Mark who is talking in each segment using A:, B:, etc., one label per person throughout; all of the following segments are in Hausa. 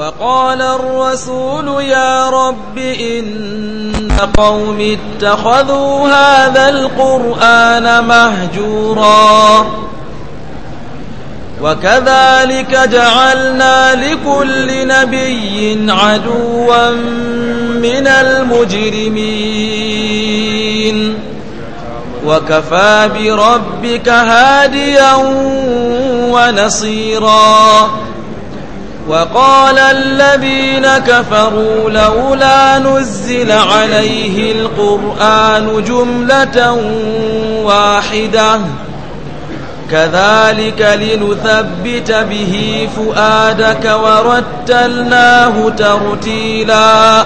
A: وقال الرسول يا رب إن قوم اتخذوا هذا القرآن مهجورا وكذلك جعلنا لكل نبي عدوا من المجرمين وكفى بربك هاديا ونصيرا وقال الذين كفروا لولا نزل عليه القرآن جملة واحدة كذلك لنثبت به فؤادك ورتلناه ترتيلا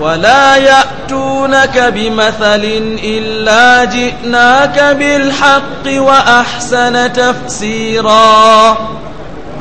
A: ولا يأتونك بمثل إلا جئناك
B: بالحق وأحسن تفسيراً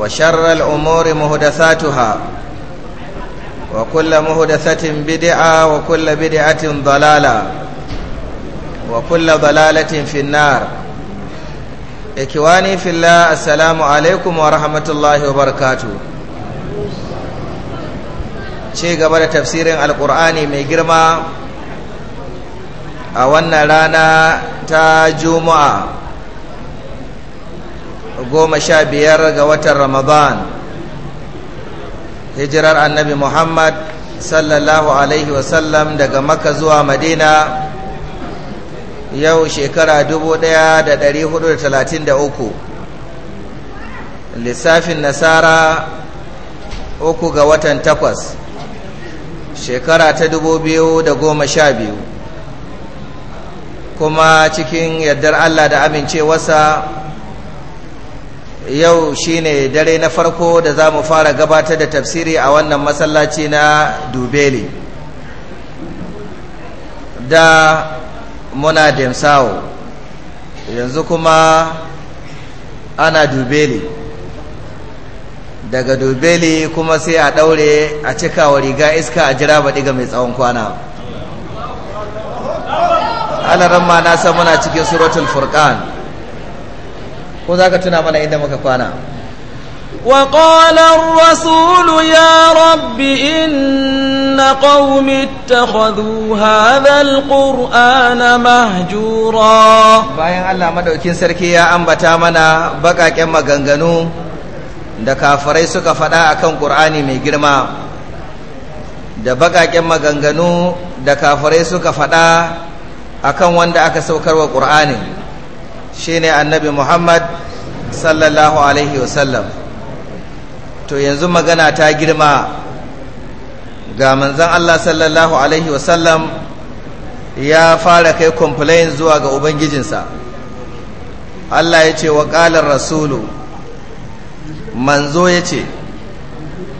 B: وشر الأمور مهدثاتها وكل مهدثة بدعة وكل بدعة ضلالة وكل ضلالة في النار إكواني في الله السلام عليكم ورحمة الله وبركاته شيء قبل تفسير القرآن ميجرما أولنا لنا تاجمعا goma sha biyar ga watan ramadan hijirar annabi muhammad sallallahu alaihi wasallam daga maka zuwa madina yau shekara 1433 lissafin nasara uku ga watan takwas shekara ta goma sha biyu. kuma cikin yardar allah da amincewarsa yau shine dare na farko da za mu fara gabatar da tafsiri a wannan masallaci na dubeli da muna demsawo yanzu kuma ana dubeli daga dubeli kuma sai a daure a cikawa riga iska a jira baɗi ga mai tsawon kwana alaramma na san muna cikin suratul furqan ko za ka tuna mana inda muka kwana.
A: waƙoƙarin wasu wulu ya rabi in na ƙaunitta kadu
B: hadal kur'aana mahjuro. bayan allah maɗaukin sarki ya ambata mana. baƙaƙen maganganu da kafarai suka faɗa akan kur'ani mai girma da baƙaƙen maganganu da kafarai suka faɗa akan wanda aka saukar wa kur'ani. ne annabi muhammad sallallahu alaihi wasallam to yanzu magana ta girma ga manzan allah sallallahu alaihi wasallam ya fara kai complain zuwa ga ubangijinsa allah ya ce wa ƙalar rasulu manzo ya ce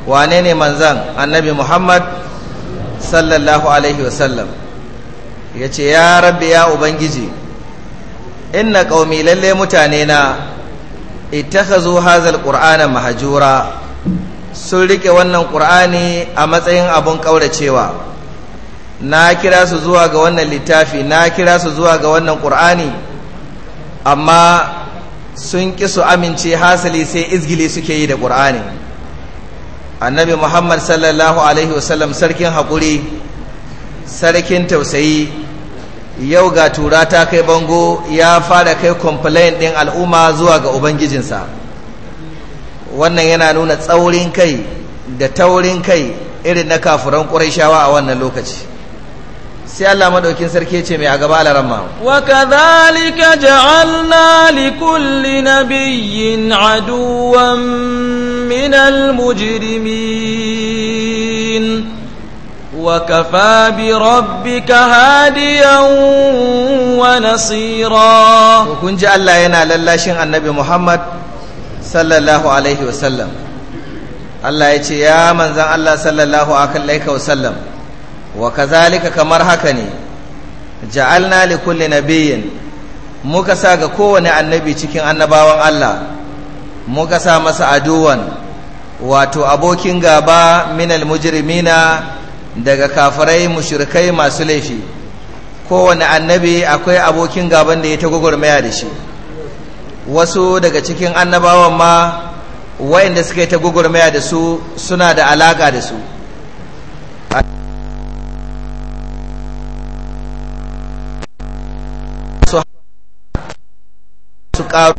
B: wane ne manzan annabi muhammad sallallahu alaihi wasallam ya ce ya rabbi ya ubangiji inna qaumi lalle mutane na ittakhazu hazal qur'ana mahjura sun rike wannan qur'ani a matsayin abun kauracewa na kira su zuwa ga wannan littafi na kira su zuwa ga wannan qur'ani amma sun ki su amince hasali sai izgili suke yi da qur'ani annabi muhammad sallallahu alaihi wasallam sarkin haƙuri sarkin tausayi yau ga tura ta kai bango ya fara kai complain ɗin al'umma zuwa ga ubangijinsa wannan yana nuna tsaurin kai da taurin kai irin na kafuran ƙurashawa a wannan lokaci sai Allah madaukin sarki ce mai a gaba ramma.'
A: wa kadhalika ja'alna kulli nabiyyin aduwan minal mujrimin وكفى بربك
B: هاديا ونصيرا وكن جاء الله ينا للاشن النبي محمد صلى الله عليه وسلم الله يتي يا من زن الله صلى الله عليه وسلم وكذلك كمر هكني جعلنا لكل نبي muka sa ga kowane annabi cikin annabawan Allah muka sa masa aduwan wato abokin gaba minal mujrimina daga kafirai mushrikai masu laifi kowane annabi akwai abokin gaban da ya ta gwagwarmaya da shi wasu daga cikin annabawan ma wayanda suka yi ta gwagwarmaya da su suna da alaka da su su ƙaru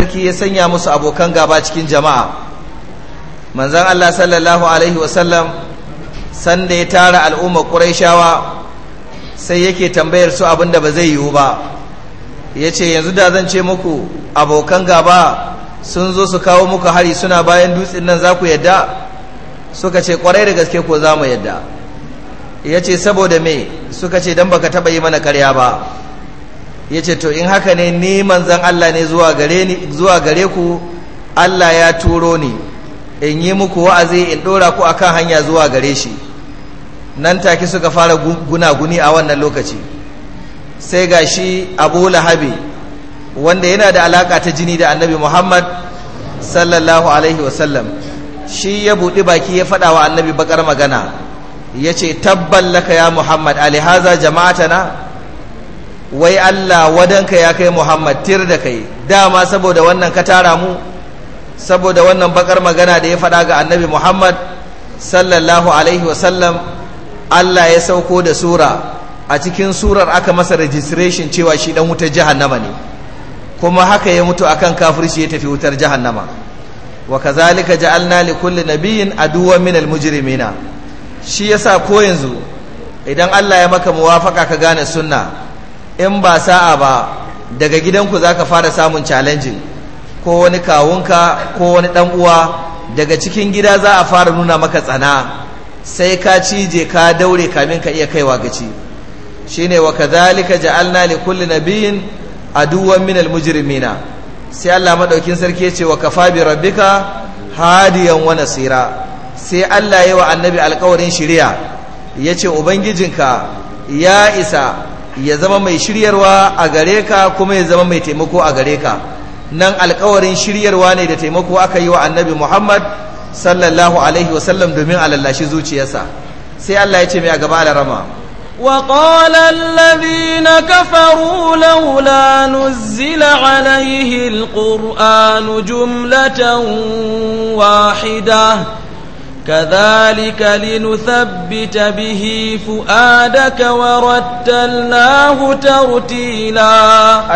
B: sarki ya sanya musu abokan gaba cikin jama'a manzon Allah sallallahu alaihi wasallam sanda ya tara al'ummar Qurayshawa sai yake tambayar su abinda ba zai yiwu ba Ya ce yanzu da zan ce muku abokan gaba sun zo su kawo muku hari suna bayan dutsen nan za ku yadda suka ce kwarai da gaske ko za mu yadda Ya ce saboda me suka ce dan baka taba yi mana karya ba ya ce to in haka ne ni manzan Allah ne zuwa gare ku Allah ya turo ni in yi muku wa'azi in ɗora ku akan hanya zuwa gare shi nan take suka fara gunaguni a wannan lokaci sai ga shi abu lahabi wanda yana da alaƙa ta jini da annabi muhammad sallallahu alaihi wasallam shi ya buɗi baki ya faɗa wa annabi bakar magana ya ce muhammad laka ya muhammad alihaza jama'atana wai Allah wadanka ya kai Muhammad tir da kai dama saboda wannan ka tara mu saboda wannan bakar magana da ya faɗa ga annabi Muhammad sallallahu alaihi wasallam Allah ya sauko da sura a cikin surar aka masa registration cewa shi dan wutar jahannama ne kuma haka ya mutu akan kafirci ya tafi wutar jahannama wa kazalika ja'alna li kulli nabiyyin min al mujrimina shi yasa ko yanzu idan Allah ya maka muwafaka ka gane sunna in ba sa'a ba daga gidanku za ka fara samun challenging ko wani kawunka ko wani ɗan uwa daga cikin gida za a fara nuna maka tsana sai ka cije ka daure kamin ka iya kaiwa gaci shine wa kadhalika ja'alna li kulli nabiyyin aduwwan minal mujrimina sai Allah maɗaukin sarki ya ce wa kafa bi rabbika hadiyan wa tsira. sai Allah yayi wa annabi alƙawarin shari'a yace ubangijinka ya isa ya zama mai shiryarwa a gare ka kuma ya zama mai taimako a gare ka nan alkawarin shiryarwa ne da taimako aka yi wa annabi muhammad sallallahu alaihi wasallam domin alallashi zuciyarsa sai allah ya ce mai a gaba alarama
A: وقال الذين كفروا لولا نزل عليه القرآن جملة واحدة كذلك لنثبت به
B: فؤادك ورتلناه ترتيلا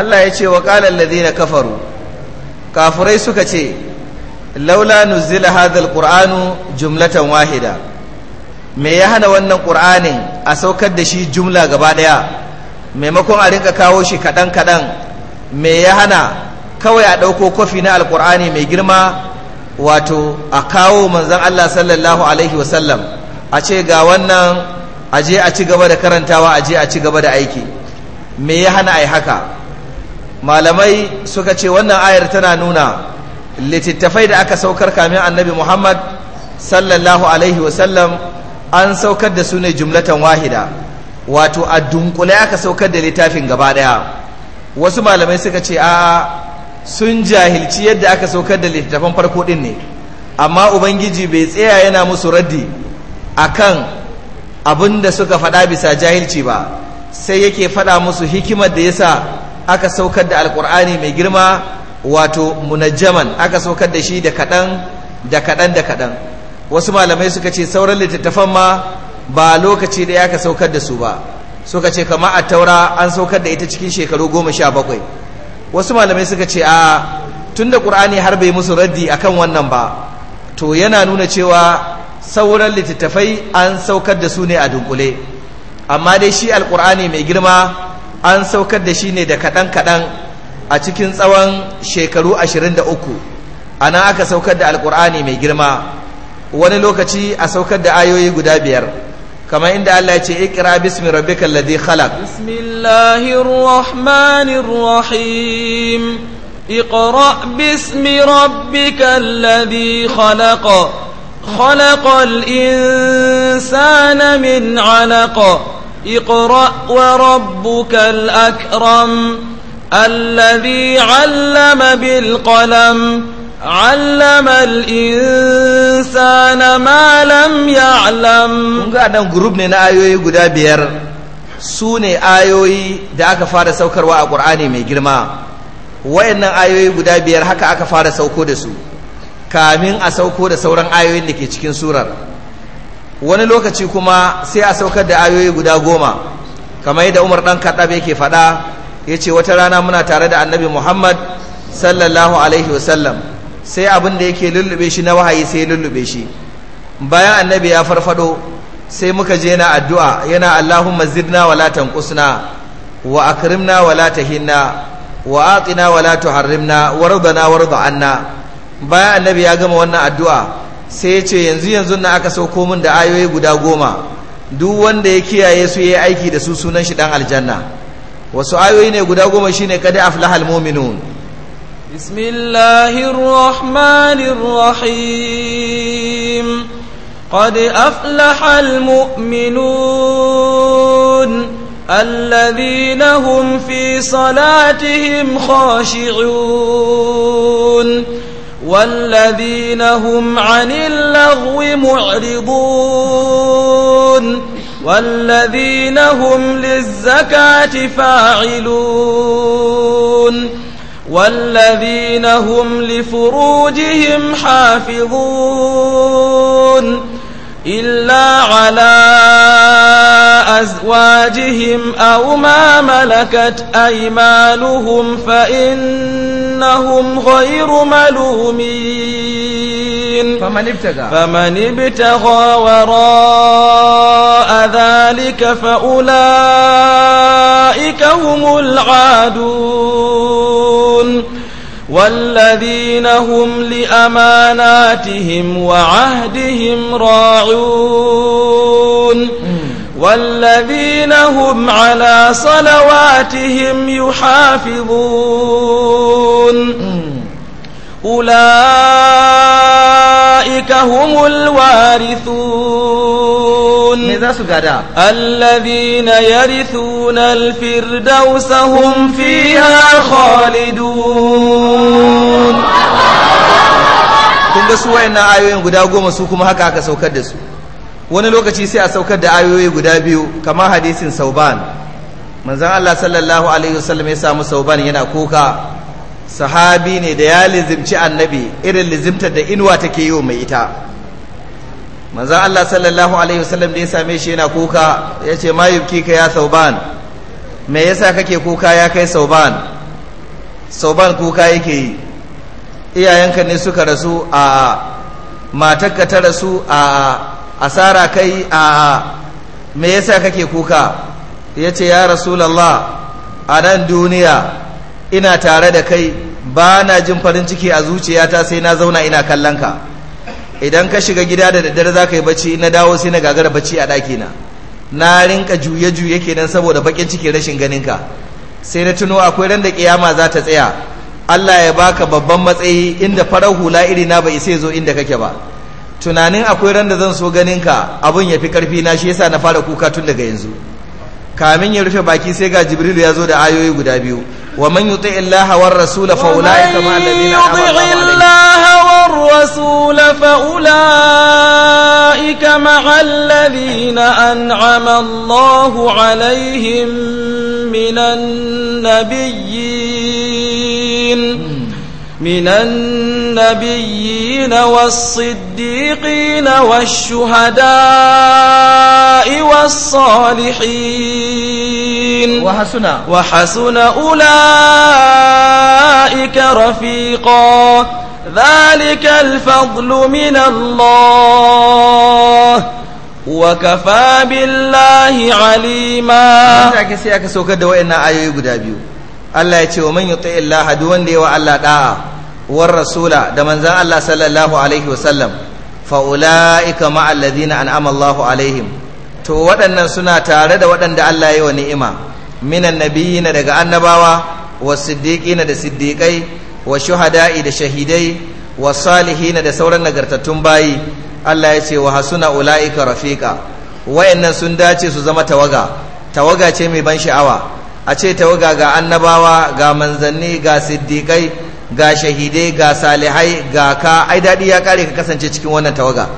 B: الله يشي وقال الذين كفروا كافري سكتي لولا نزل هذا القرآن جملة واحدة me ya hana wannan ƙur'anin a saukar da shi jumla gaba ɗaya maimakon a rinka kawo shi kaɗan-kaɗan me ya hana kawai a ɗauko kofi na alƙur'ani mai girma wato a kawo manzan Allah sallallahu alaihi wasallam a ce ga wannan a je a ci gaba da karantawa a je a ci gaba da aiki me ya hana ai haka malamai suka ce wannan ayar tana nuna littattafai da aka saukar kamin annabi Muhammad sallallahu alaihi wasallam an saukar da su ne jumlatan wahida wato a dunkule aka saukar da littafin gaba daya wasu malamai suka ce a sun jahilci yadda aka saukar da littattafan farko din ne amma ubangiji bai tsaya yana musu raddi a kan abin da suka faɗa bisa jahilci ba sai yake faɗa musu hikimar da yasa aka saukar da alkur'ani mai girma wato munajjaman aka saukar da shi da kaɗan da kaɗan da kaɗan wasu malamai suka ce sauran littattafan ma ba lokaci da ya ka saukar da su ba suka ce kama a taura an saukar da ita cikin shekaru goma sha bakwai wasu malamai suka ce a tunda ƙur'ani har bai musu raddi a kan wannan ba to yana nuna cewa sauran littattafai an saukar da su ne a dunkule amma dai shi alqur'ani mai girma an saukar da shi ne da kaɗan kaɗan a cikin tsawon shekaru ashirin da uku a aka saukar da alqur'ani mai girma wani lokaci a saukar da ayoyi guda biyar كما عند الله اقرا باسم ربك الذي خلق بسم الله الرحمن
A: الرحيم اقرا باسم ربك الذي خلق خلق الانسان من علق اقرا وربك الاكرم الذي علم بالقلم علم
B: الإنسان ما لم يعلم ga nan group ne na ayoyi guda biyar su ne ayoyi da aka fara saukarwa a ƙur'ani mai girma wayannan ayoyi guda biyar haka aka fara sauko da su kamin a sauko da sauran ayoyin da ke cikin surar wani lokaci kuma sai a saukar da ayoyi guda goma kamar yadda umar ɗan kaɗab yake faɗa yace wata rana muna tare da annabi muhammad sallallahu alaihi wasallam sai abin da yake lullube shi na wahayi sai ya lullube shi bayan annabi ya farfado sai muka je na addu'a yana Allahumma zidna wa la tanqusna wa akrimna wa tahinna wa atina wa wa warda anna bayan annabi ya gama wannan addu'a sai ya ce yanzu yanzu na aka sauko min da ayoyi guda goma duk wanda ya kiyaye su yayi aiki da su sunan shi dan aljanna wasu ayoyi ne guda goma shine kada aflahal mu'minun
A: بسم الله الرحمن الرحيم قد أفلح المؤمنون الذين هم في صلاتهم خاشعون والذين هم عن اللغو معرضون والذين هم للزكاة فاعلون والذين هم لفروجهم حافظون إلا على أزواجهم أو ما ملكت أيمانهم فإنهم غير ملومين فمن ابتغى فمن ابتغى وراء ذلك فأولئك هم العادون فاعلون والذين هم لأماناتهم وعهدهم راعون والذين هم على صلواتهم يحافظون أولئك أولئك هم الوارثون الذين يرثون الفردوس هم فيها
B: خالدون kun ga su wayannan ayoyin guda goma su kuma haka aka saukar da su wani lokaci sai a saukar da ayoyi guda biyu kamar hadisin sauban manzon Allah sallallahu alaihi wasallam ya samu sauban yana kuka sahabi ne da ya lizimci annabi irin lizimtar da inuwa take yi mai ita manzan Allah sallallahu alaihi wasallam da ya same shi yana kuka ya ce ma ka ya sauban me yasa kake kuka ya kai sauban sauban kuka yake yi iyayenka ne suka rasu a matakka ta rasu a asara kai a me yasa kake kuka ya ce ya rasulallah a nan duniya ina tare da kai ba na jin farin ciki a zuciyata sai na zauna ina kallon ka idan ka shiga gida da daddare za ka yi bacci na dawo sai na gagara bacci a ɗakina na rinka juye-juye kenan saboda bakin ciki rashin ganinka sai na tuno akwai ran da kiyama za ta tsaya Allah ya baka babban matsayi inda farar hula iri na bai sai zo inda kake ba tunanin akwai ran da zan so ganin ka abun ya fi karfi na shi yasa na fara kuka tun daga yanzu kamin ya rufe baki sai ga jibril ya zo da ayoyi guda biyu wa man yuti illaha war rasul fa ulaika ma alladhina an'ama
A: fa ulaika ma alladhina an'ama Allahu alaihim minan nabiyyin hmm. من النبيين والصديقين والشهداء والصالحين وحسن وحسن أولئك رفيقا ذلك الفضل من الله وكفى
B: بالله عليما sai aka saukar da wayannan ayoyi guda biyu Allah ya ce wa man war rasula da manzan Allah sallallahu alaihi wasallam fa'ula'ika ma'alladina an'ama Allahu alaihim to waɗannan suna tare da waɗanda Allah ya yi wa ni'ima minan nabiyina daga annabawa wa siddiqina da siddiqai wa shuhada'i da shahidai wa salihina da sauran nagartattun bayi Allah ya ce wa hasuna ula'ika rafiqa wayannan sun dace su zama tawaga tawaga ce mai ban sha'awa a ce tawaga ga annabawa ga manzanni ga siddiqai ga shahidai ga salihai ga ka ai daɗi ya ƙare ka kasance cikin wannan tawaga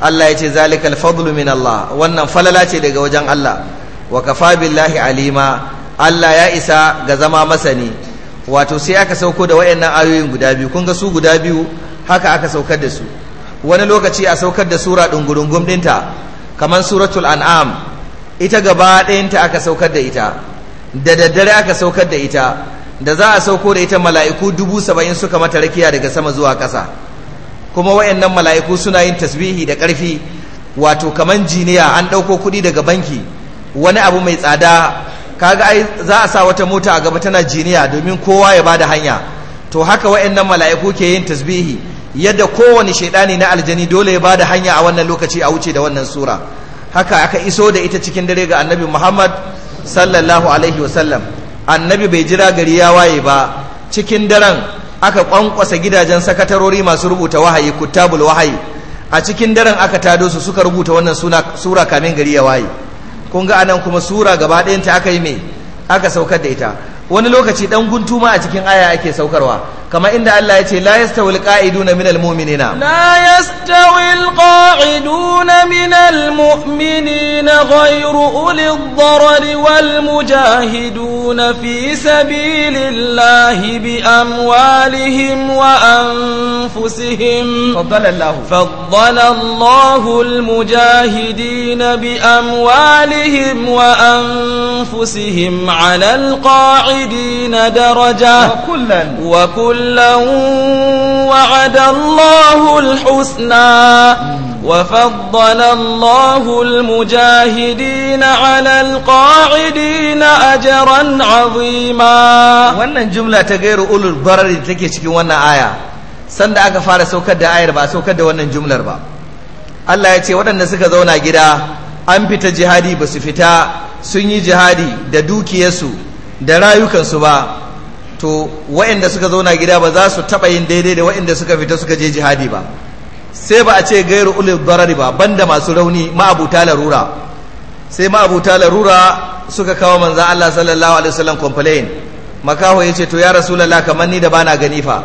B: Allah ya ce zalikal fadlu min Allah wannan falala ce daga wajen Allah wa kafa billahi alima Allah ya isa ga zama masani wato sai aka sauko da wayannan ayoyin guda biyu kun ga su guda biyu haka aka saukar da su wani lokaci a saukar da sura dungurungum dinta? kamar suratul an'am ita gaba ɗayanta aka saukar da ita da daddare aka saukar da ita da za a sauko da ita mala'iku dubu saba'in suka mata rakiya daga sama zuwa ƙasa kuma wayannan mala'iku suna yin tasbihi da ƙarfi wato kaman jiniya an ɗauko kuɗi daga banki wani abu mai tsada kaga ai za a sa wata mota a gaba tana jiniya domin kowa ya bada hanya to haka wayannan mala'iku ke yin tasbihi yadda kowane shaidani na aljani dole ya bada hanya a wannan lokaci a wuce da wannan sura haka aka iso da ita cikin dare ga annabi Muhammad sallallahu alaihi wasallam annabi bai jira gari ya waye ba cikin daren aka kwankwasa gidajen sakatarori masu rubuta wahayi kuttabul wahayi a cikin daren aka tado su suka rubuta wannan sura kamin gari ya waye kun ga anan kuma sura gaba ɗayanta aka yi mai aka saukar da ita wani lokaci dan guntu ma a cikin aya ake saukarwa كما إن الله يتي لا يستوي القاعدون من المؤمنين
A: لا يستوي القاعدون من المؤمنين غير أولي الضرر والمجاهدون في سبيل الله بأموالهم وأنفسهم فضل الله فضل الله المجاهدين بأموالهم وأنفسهم على القاعدين درجة وكلا وكل كلا وعد الله الحسنى وفضل الله المجاهدين
B: على القاعدين أجرا عظيما wannan jumla ta gairu ulu barar da take cikin wannan aya sanda aka fara saukar da ayar ba saukar da wannan jumlar ba Allah ya ce waɗanda suka zauna gida an fita jihadi ba su fita sun yi jihadi da dukiyarsu da rayukansu ba to waɗanda suka zauna gida ba za su taɓa yin daidai da waɗanda suka fita suka je jihadi ba sai ba a ce gairu ulil darari ba banda masu rauni ma'abuta larura sai ma'abuta larura suka kawo manzo Allah sallallahu alaihi wasallam complain makaho yace to ya rasulullah kamar ni da bana gani fa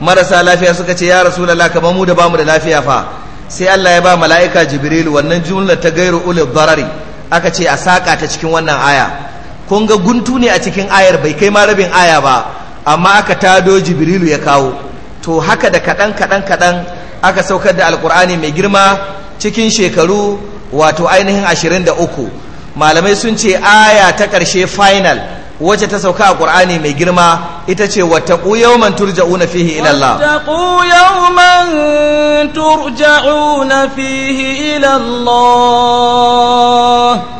B: marasa lafiya suka ce ya rasulullah kamar mu da bamu da lafiya fa sai Allah ya ba mala'ika jibril wannan jumla ta gairu ulil darari aka ce a saka ta cikin wannan aya kun ga guntu ne a cikin ayar bai kai ma rabin aya ba amma aka tado jibrilu ya kawo to haka da kaɗan kaɗan kaɗan aka saukar da alkur'ani mai girma cikin shekaru wato ainihin ashirin da uku malamai sun ce aya ta ƙarshe final wacce ta sauka a ƙur'ani mai girma ita ce wata yawman turja'una fihi ila
A: fihi ilallah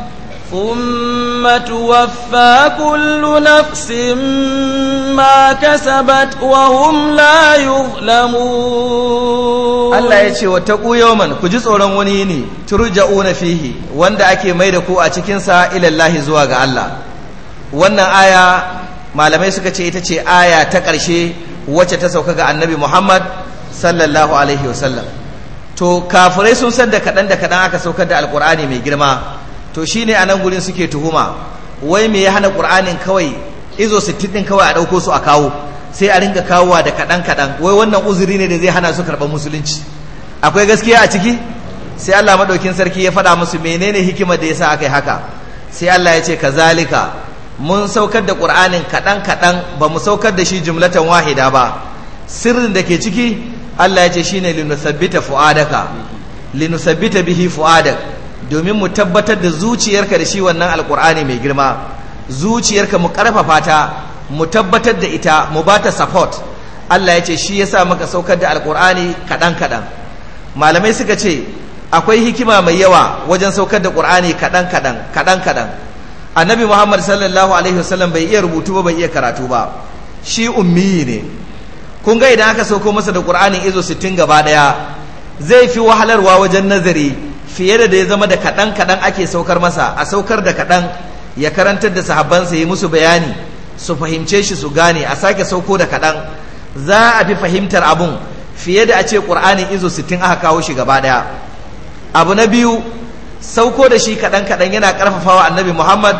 A: ثم توفى كل نفس ما كسبت وهم لا يظلمون Allah ya ce
B: wa taqu yawman ku ji tsoron wani ne turja'una fihi wanda ake mai da ku a cikin sa ilallahi zuwa ga Allah wannan aya malamai suka ce ita ce aya ta ƙarshe wacce ta sauka ga annabi Muhammad sallallahu alaihi wasallam to kafirai sun sanda da kaɗan da kaɗan aka saukar da alkur'ani mai girma to shine a nan gurin suke tuhuma wai me ya hana ƙur'anin kawai izo sittin kawai a ɗauko su a kawo sai a ringa kawowa da kaɗan kaɗan, wai wannan uzuri ne da zai hana su karɓar musulunci akwai gaskiya a ciki sai Allah maɗaukin sarki ya faɗa musu menene hikimar da ya sa aka yi haka sai Allah ya ce kazalika mun saukar da ƙur'anin kaɗan kaɗan ba mu saukar da shi jumlatan wahida ba sirrin da ke ciki Allah ya ce shine linusabbita fu'adaka linusabbita bihi fu'adaka domin mu tabbatar da zuciyarka da shi wannan alkur'ani mai girma zuciyarka mu karfafa ta mu tabbatar da ita mu ba ta support Allah ya ce shi ya sa maka saukar da alkur'ani kaɗan kaɗan malamai suka ce akwai hikima mai yawa wajen saukar da qur'ani kaɗan kaɗan kaɗan kaɗan annabi muhammad sallallahu alaihi wasallam bai iya rubutu ba bai iya karatu ba shi ummi ne kun ga idan aka sauko masa da ƙur'ani izo 60 gaba ɗaya zai fi wahalarwa wajen nazari fiye da da ya zama da kaɗan kaɗan ake saukar masa a saukar da kaɗan ya karantar da sahabbansa ya musu bayani su fahimce shi su gane a sake sauko da kaɗan za a fi fahimtar abun fiye da a ce ƙur'anin izo sittin aka kawo shi gaba ɗaya abu na biyu sauko da shi kaɗan kaɗan yana ƙarfafawa annabi muhammad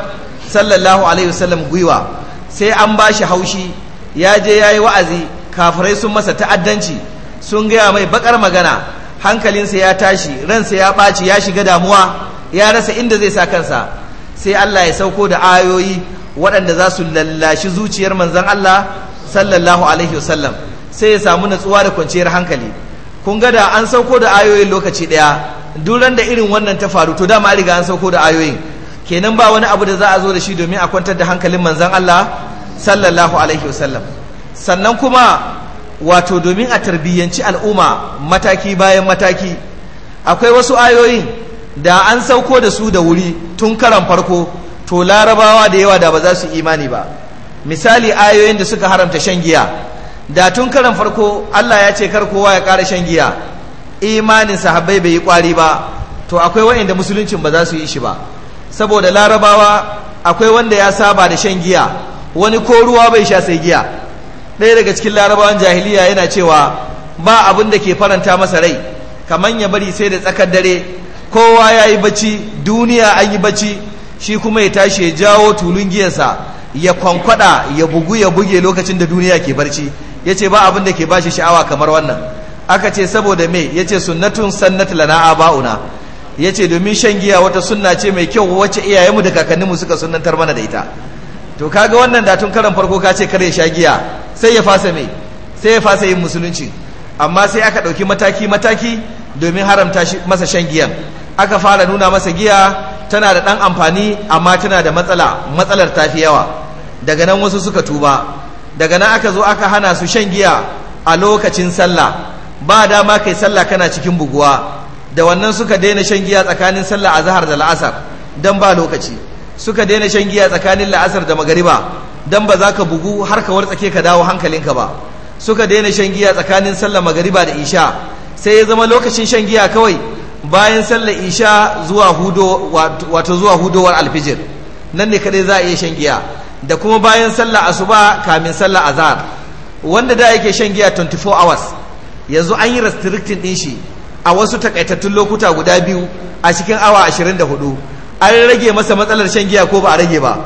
B: sallallahu alaihi wasallam gwiwa sai an ba shi haushi ya je ya yi wa'azi kafirai sun masa ta'addanci sun gaya mai baƙar magana hankalinsa ya tashi ransa ya ɓaci ya shiga damuwa ya rasa inda zai sa kansa sai Allah ya sauko da ayoyi waɗanda za su lallashi zuciyar manzan Allah sallallahu alaihi wasallam sai ya samu natsuwa da kwanciyar hankali kun ga da an sauko da ayoyin lokaci ɗaya duran da irin wannan ta faru to dama riga an sauko da ayoyin kenan ba wani abu da za a zo da shi domin a kwantar da hankalin manzan Allah sallallahu alaihi wasallam sannan kuma wato domin a tarbiyyanci al'umma mataki bayan mataki akwai wasu ayoyin da an sauko da su da wuri tun karan farko to larabawa da yawa da ba za su imani ba misali ayoyin da suka haramta shan giya da tun karan farko Allah ya ce kar kowa ya ƙara shan giya imanin sahabbai bai yi ƙwari ba to akwai waɗanda musuluncin ba za su yi shi ba saboda larabawa akwai wanda ya saba da shan giya wani ko ruwa bai sha sai giya ɗaya daga cikin larabawan jahiliya yana cewa ba abin da ke faranta masa rai kamar ya bari sai da tsakar dare kowa ya yi bacci duniya an yi bacci shi kuma ya tashi ya jawo tulun giyarsa ya kwankwada ya bugu ya buge lokacin da duniya ke barci ya ce ba abin da ke bashi sha'awa kamar wannan aka ce saboda me ya ce sunnatun sannat lana ba'una ya ce domin shan giya wata sunna ce mai kyau wacce iyayenmu da kakanninmu suka sunantar mana da ita to kaga wannan da tun karan farko ka ce kare sha giya sai ya fasa mai sai ya fasa yin musulunci amma sai aka ɗauki mataki mataki domin haramta masa shan giyan aka fara nuna masa giya tana da ɗan amfani amma tana da matsala matsalar ta fi yawa daga nan wasu suka tuba daga nan aka zo aka hana su shan giya a lokacin sallah ba dama kai sallah kana cikin buguwa da wannan suka daina shan giya tsakanin sallah azhar da la'asar dan ba lokaci suka daina shan giya tsakanin la'asar da magariba dan ba za ka bugu har ka wartsake ka dawo hankalinka ba suka daina shan giya tsakanin sallar magariba da isha sai ya zama lokacin shan giya kawai bayan sallar isha zuwa hudo wato zuwa hudowar alfijir nan ne kadai za a iya shan giya da kuma bayan sallar asuba kamin sallar azhar wanda da yake shan giya 24 hours yanzu an yi restricting din shi a wasu takaitattun lokuta guda biyu a cikin awa 24 an rage masa matsalar shan giya ko ba a rage ba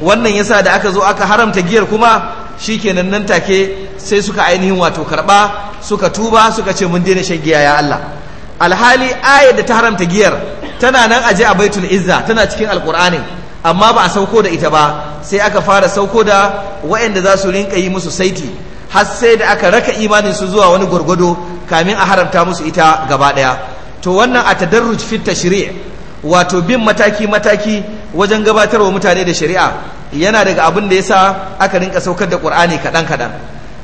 B: wannan yasa da aka zo aka haramta giyar kuma shi shikenan nan take sai suka ainihin wato karɓa suka tuba suka ce mun daina shan giya ya Allah alhali ayar da ta haramta giyar tana nan a je a baitul izza tana cikin alqur'ani amma ba a sauko da ita ba sai aka fara sauko da waɗanda za su rinka yi musu saiti har sai da aka raka imanin su zuwa wani gwargwado kamin a haramta musu ita gaba ɗaya to wannan a tadarruj fit tashri' wato bin mataki-mataki wajen gabatar wa mutane da shari'a yana daga abin da ya sa aka rinka saukar da ƙur'ani kaɗan-kaɗan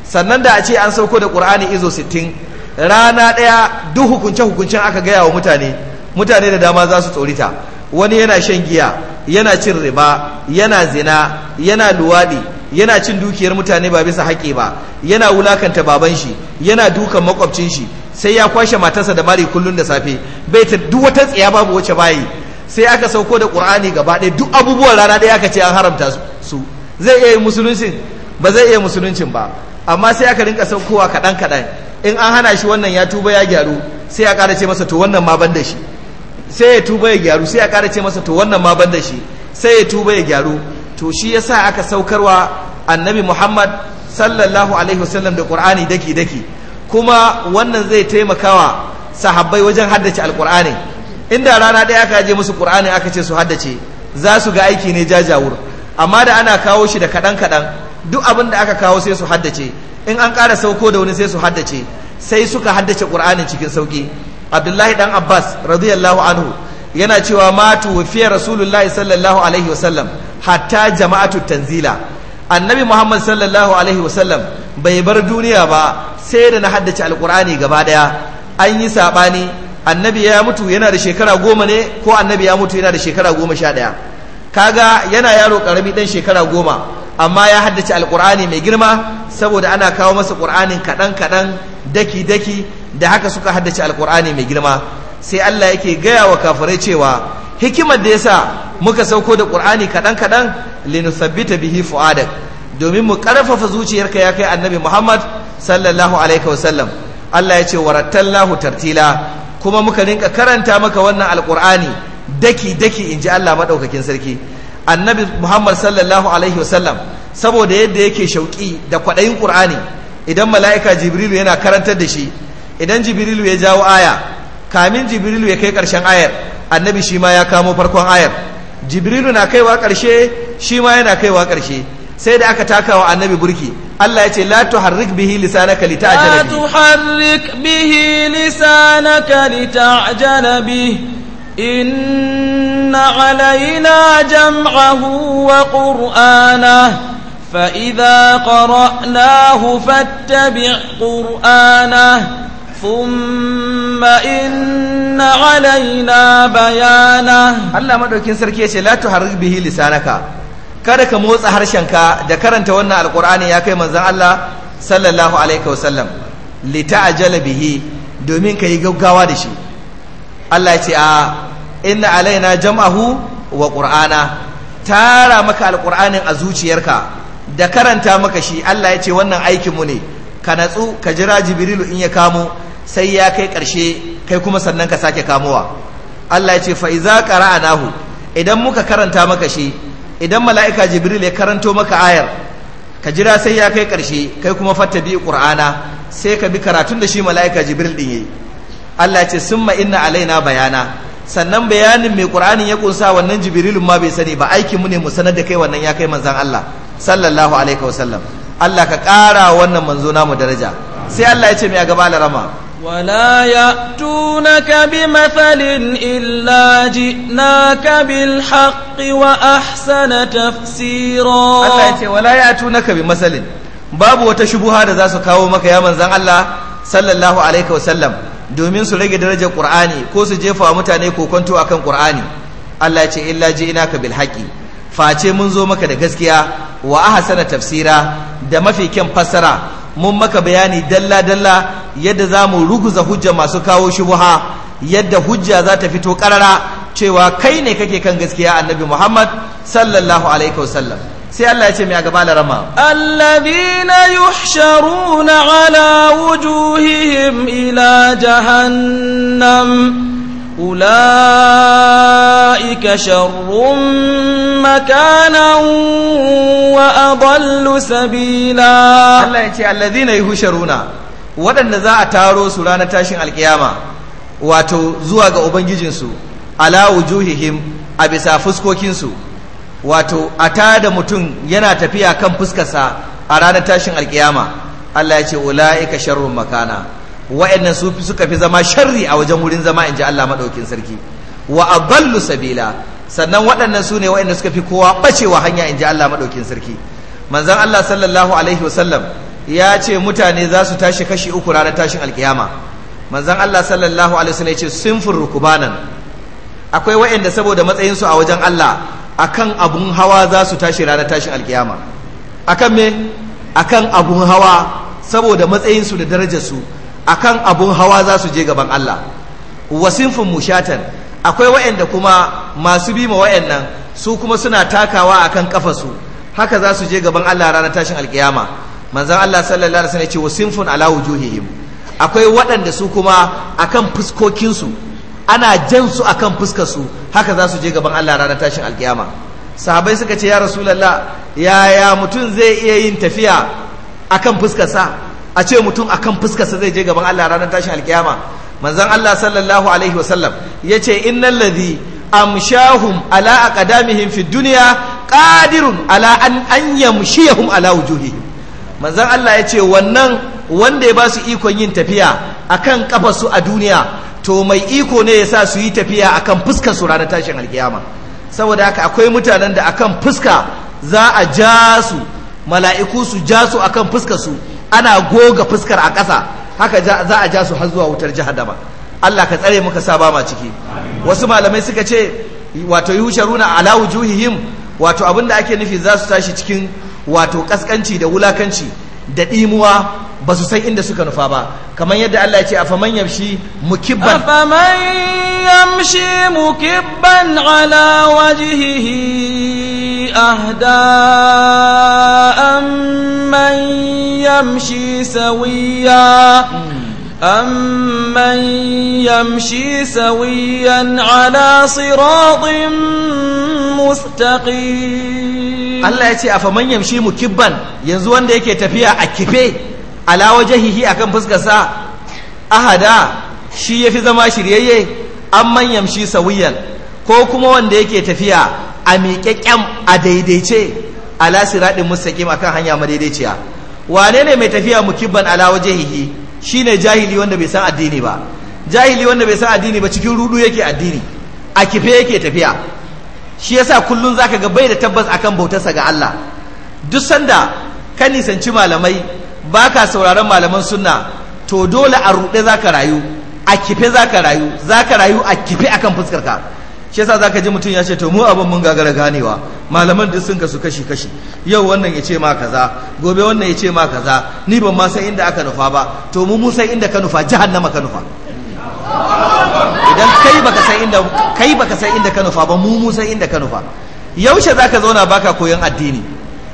B: sannan da a ce an sauko da ƙur'ani izo 60 rana ɗaya duk hukunce-hukuncen aka gaya wa mutane mutane da dama za su tsorita wani yana shan giya yana cin riba yana zina yana luwaɗi yana cin dukiyar mutane ba bisa haƙƙi ba yana wulakanta baban shi yana dukan makwabcin shi sai ya kwashe matarsa da mari kullun da safe bai ta duk wata tsaya babu wace bayi sai aka sauko da qur'ani gaba ɗaya duk abubuwan rana ɗaya aka ce an haramta su zai iya musulunci ba zai iya musulunci ba amma sai aka rinka saukowa kaɗan kaɗan in an hana shi wannan ya tuba ya gyaru sai ya ƙara ce masa to wannan ma ban da shi sai ya tuba ya gyaru sai ya ƙara ce masa to wannan ma ban da shi sai ya tuba ya gyaru to shi ya sa aka saukarwa annabi muhammad sallallahu alaihi wasallam da qur'ani daki daki kuma wannan zai taimakawa sahabbai wajen haddace alkur'ani inda rana ɗaya aka je musu qur'ani aka ce su haddace za su ga aiki ne jajawur amma da ana kawo shi da kaɗan kaɗan duk abin da aka kawo sai su haddace in an ƙara sauko da wani sai su haddace sai suka haddace qur'anin cikin sauki abdullahi dan abbas radiyallahu anhu yana cewa matu fiye rasulullahi sallallahu alaihi wasallam hatta jama'atu tanzila annabi muhammad sallallahu alaihi wasallam bai bar duniya ba sai da na haddace alkur'ani gaba daya an yi saɓani annabi ya mutu yana da shekara goma ne ko annabi ya mutu yana da shekara goma sha ɗaya kaga yana yaro karami ɗan shekara goma amma ya haddace alkur'ani mai girma saboda ana kawo masa ƙur'anin kaɗan kaɗan daki daki da haka suka haddace alkur'ani mai girma sai Allah yake gaya wa kafirai cewa hikimar da yasa muka sauko da Qur'ani kadan kadan linusabbita bihi fuadak domin mu karfafa zuciyarka ya kai annabi Muhammad sallallahu alaihi wasallam Allah ya ce warattallahu tartila kuma muka rinka karanta maka wannan alqur'ani daki daki inji Allah madaukakin sarki annabi Muhammad sallallahu alaihi wasallam saboda yadda yake shauki da kwadayin Qur'ani idan mala'ika Jibrilu yana karantar da shi idan Jibrilu ya jawo aya kamin jibrilu ya kai ƙarshen ayar annabi shi ma ya kamo farkon ayar jibrilu na kaiwa ƙarshe shi ma yana kaiwa ƙarshe sai da aka taka wa annabi burki Allah ya ce la tuharrik bihi lisanaka lita'jala bihi la
A: tuharrik bihi lisanaka lita'jala bihi إن علينا جمعه وقرآنه فإذا قرأناه فاتبع قرآنه Thumma
B: inna alaina bayana Allah madaukin sarki yace la tuharrik bihi lisanaka kada ka motsa harshenka da karanta wannan alqur'ani ya kai manzon Allah sallallahu alaihi wasallam jala bihi domin ka yi gaggawa da shi Allah yace a inna alaina jam'ahu wa qur'ana tara maka alqur'anin a zuciyarka da karanta maka shi Allah ce wannan aikin mu ne ka natsu ka jira jibrilu in ya kamo sai ya kai ƙarshe kai kuma sannan ka sake kamowa Allah ya ce fa iza nahu idan muka karanta maka shi idan mala'ika jibril ya karanto maka ayar ka jira sai ya kai ƙarshe kai kuma fatta bi qur'ana sai ka bi karatun da shi mala'ika jibril din yayi Allah ya ce summa inna alaina bayana sannan bayanin mai qur'anin ya ƙunsa wannan jibrilun ma bai sani ba aikin mu ne mu sanar da kai wannan ya kai manzan Allah sallallahu alaihi wasallam Allah ka ƙara wannan manzo namu daraja sai Allah ya ce mai a gaba larama
A: ولا يأتونك بمثل إلا جئناك بالحق
B: وأحسن تفسيرا الله يتي ولا يأتونك بمثل babu wata shubuha da za su kawo maka ya manzan Allah sallallahu alaihi domin su rage darajar ƙur'ani ko su jefa wa mutane kokonto akan Qur'ani Allah ce illa ji'inaka bil haqi face mun zo maka da gaskiya wa ahsana tafsira da mafi kyan fassara mun maka bayani dalla dalla yadda za mu ruguza hujja masu kawo shubuha yadda hujja za ta fito karara cewa kai ne kake kan gaskiya annabi muhammad sallallahu alaihi wasallam sai Allah ya ce mai a gaba da rama
A: alladhina yuhsharuna ala wujuhihim ila jahannam أولئك شر
B: مكانا وأضل سبيلا الله يتي الذين يهشرون waɗanda za a taro su ranar tashin alkiyama wato zuwa ga ubangijinsu ala wujuhihim a bisa fuskokinsu wato a tada mutum yana tafiya kan fuskarsa a ranar tashin alkiyama Allah ya ce ula'ika sharrun makana wa'annan su suka fi zama sharri a wajen wurin zama in ji Allah maɗaukin sarki wa adallu sabila sannan waɗannan su ne wa'annan suka fi kowa ɓacewa hanya in ji Allah maɗaukin sarki manzon Allah sallallahu alaihi wasallam ya ce mutane za su tashi kashi uku ranar tashin alkiyama manzon Allah sallallahu alaihi wasallam ya ce sinfur rukubanan akwai wa'anda saboda matsayin su a wajen Allah akan abun hawa za su tashi ranar tashin alkiyama akan me akan abun hawa saboda matsayin su da darajar su akan abun hawa za su je gaban Allah wasinfin mushatan akwai wa'anda kuma masu bima wa'annan su kuma suna takawa akan kafasu haka za su je gaban Allah ranar tashin alkiyama manzon Allah sallallahu alaihi wasallam ya ce wasinfun ala wujuhihim akwai waɗanda su kuma akan fuskokinsu ana jan su akan fuskarsu haka za su je gaban Allah ranar tashin alkiyama sahabai suka ce ya rasulullah yaya mutum zai iya yin tafiya akan fuskarsa a ce mutum a akan fuskarsa zai je gaban Allah ranar tashin alkiyama manzon Allah sallallahu alaihi wasallam yace innal ladhi amshahum ala aqdamihim fi dunya qadirun ala an an yamshiyahum ala wujuhi manzon Allah yace wannan wanda ya ba su ikon yin tafiya akan kafarsu a duniya to mai iko ne ya sa su yi tafiya akan fuskar su ranar tashin alkiyama saboda haka akwai mutanen da akan fuska za a ja su mala'iku su ja su akan fuskar su ana goga fuskar a ƙasa haka za a ja su har zuwa wutar jahannama Allah ka tsare muka sa ba ma ciki wasu malamai suka ce wato yusharuna ala wujuhihim wato abinda ake nufi za su tashi cikin wato kaskanci da wulakanci da ɗimuwa ba su san inda suka nufa ba kamar yadda Allah ya ce faman yamshi mukibban
A: faman yamshi mukibban ala wajihihi أهداء من يمشي سويا أمن يمشي سويا على صراط
B: مستقيم الله يتي أفمن يمشي مكبا ينزوان ديك ديكي تفيا أكبي على وجهه أكم فسكسا أهدا شي في زما شريي أمن يمشي سويا ko kuma wanda yake tafiya a miƙaƙƙen a daidaice ala siraɗin mustaƙim kan hanya madaidaiciya wane ne mai tafiya mukibban ala waje shi ne jahili wanda bai san addini ba jahili wanda bai san addini ba cikin rudu yake addini a kife yake tafiya shi yasa za zaka ga bai da tabbas akan bautarsa ga Allah duk sanda ka nisanci malamai baka sauraron malaman sunna to dole a rude zaka rayu a kife zaka rayu zaka rayu a kife akan fuskar ka shi yasa zaka ji mutum ya ce to mu abin mun gagara ganewa malaman duk sun kasu kashi kashi yau wannan ya ce ma kaza gobe wannan ya ce ma kaza ni ban ma san inda aka nufa ba to mu mun san inda ka nufa jahannama ka nufa idan kai baka san inda kai baka san inda ka nufa ba mu mun san inda ka nufa yaushe zaka zauna baka koyon addini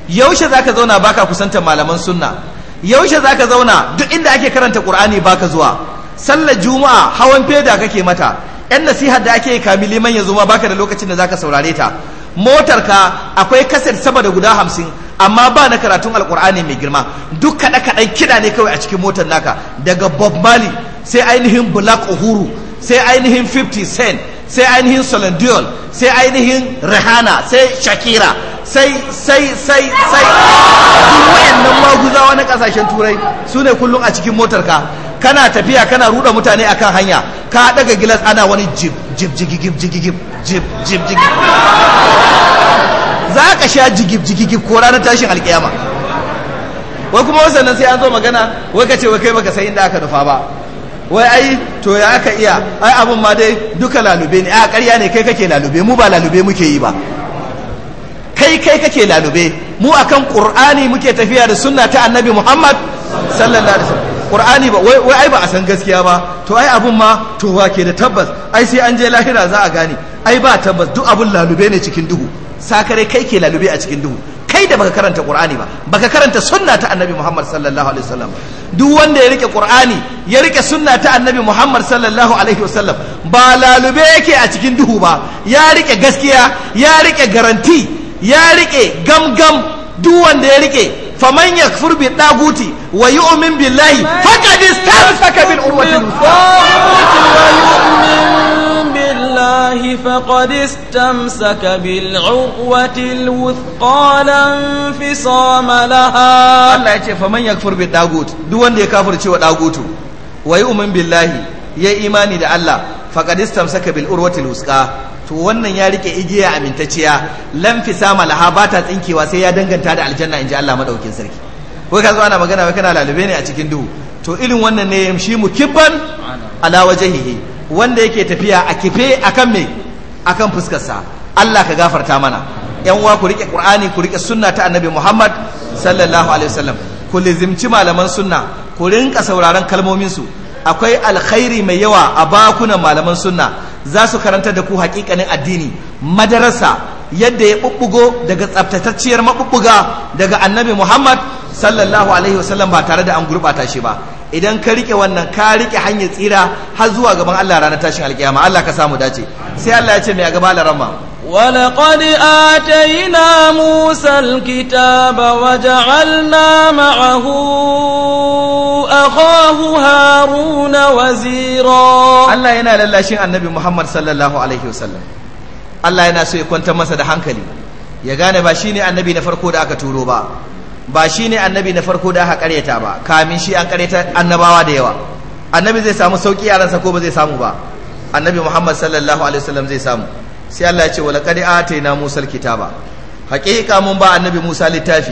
B: yaushe zaka zauna baka kusantar malaman sunna yaushe zaka zauna duk inda ake karanta qur'ani baka zuwa sallar juma'a hawan feda kake mata yan nasiha da ake kami liman yanzu ma baka da lokacin da zaka saurare ta motar ka akwai kaset sama da guda hamsin amma ba na karatun alkur'ani mai girma duk kaɗe kaɗan kiɗa ne kawai a cikin motar naka daga bob marley sai ainihin black uhuru sai ainihin 50 cent sai ainihin solon sai ainihin rihanna sai shakira sai sai sai sai duk wayannan maguzawa na kasashen turai su ne kullum a cikin motar ka kana tafiya kana ruda mutane akan hanya ka daga gilas ana wani jib jib jigigib jigigib jib jib jigigib za ka sha jigib jigigib ko ranar tashin alkiyama wai kuma wasu nan sai an zo magana wai ka ce wai kai baka san inda aka nufa ba wai ai to ya aka iya ai abun ma dai duka lalube ne a ƙarya ne kai kake lalube mu ba lalube muke yi ba kai kai kake lalube mu akan qur'ani muke tafiya da sunna ta annabi muhammad sallallahu alaihi wasallam qur'ani ba wai ai ba a san gaskiya ba to ai abun ma to ke da tabbas ai sai an je lahira za a gane ai ba tabbas duk abun lalube ne cikin duhu sakare kai ke lalube a cikin duhu kai da baka karanta qur'ani ba baka karanta sunna ta annabi muhammad sallallahu alaihi wasallam duk wanda ya rike qur'ani ya rike sunna ta annabi muhammad sallallahu alaihi wasallam ba lalube yake a cikin duhu ba ya rike gaskiya ya rike garanti ya rike gamgam duk wanda ya rike faman yakfur bi daguti wa yu'min billahi faqad istamsaka bil urwatil
A: فقد استمسك بالعروة
B: الوثقى لا انفصام لها الله يقول فمن يكفر بالطاغوت دو wanda ya kafirce wa dagutu wa yu'min billahi ya imani da Allah faqad istamsaka bil urwatil wuthqa to wannan ya rike igiya amintacciya lan fi sama laha ba ta tsinkewa sai ya danganta da aljanna inji Allah madaukin sarki ko ka zo ana magana wai kana lalube ne a cikin duhu to irin wannan ne yamshi mu mukibban ala wajhihi wanda yake tafiya a kife akan me akan fuskar sa Allah ka gafarta mana yan uwa ku rike qur'ani ku rike sunna ta annabi Muhammad sallallahu alaihi wasallam ku lizimci malaman sunna ku rinka sauraron kalmomin su akwai alkhairi mai yawa a bakunan malaman sunna za su karanta da ku hakikanin addini madarasa yadda ya bubbugo daga tsaftatacciyar mabubbuga daga annabi muhammad sallallahu alaihi wasallam ba tare da an gurbata shi ba idan ka rike wannan ka rike hanyar tsira har zuwa gaban allah ranar tashin alkiyama allah ka samu dace sai allah ya ce mai a gaba rama
A: ولقد آتينا موسى الكتاب وجعلنا معه
B: أخاه هارون وزيرا الله ينا لله شيء النبي محمد صلى الله عليه وسلم الله ينا سوء كنت مسد حنكلي يغاني باشيني النبي نفرقود أكا تولوبا باشيني النبي نفرقود أكا قريتا با كامين شي أن قريتا النباوة ديوا النبي زي سامو سوكي على سكوب زي سامو با النبي محمد صلى الله عليه وسلم زي سامو sai Allah ya ce wala qad atayna Musa alkitaba haqiqa mun ba annabi Musa littafi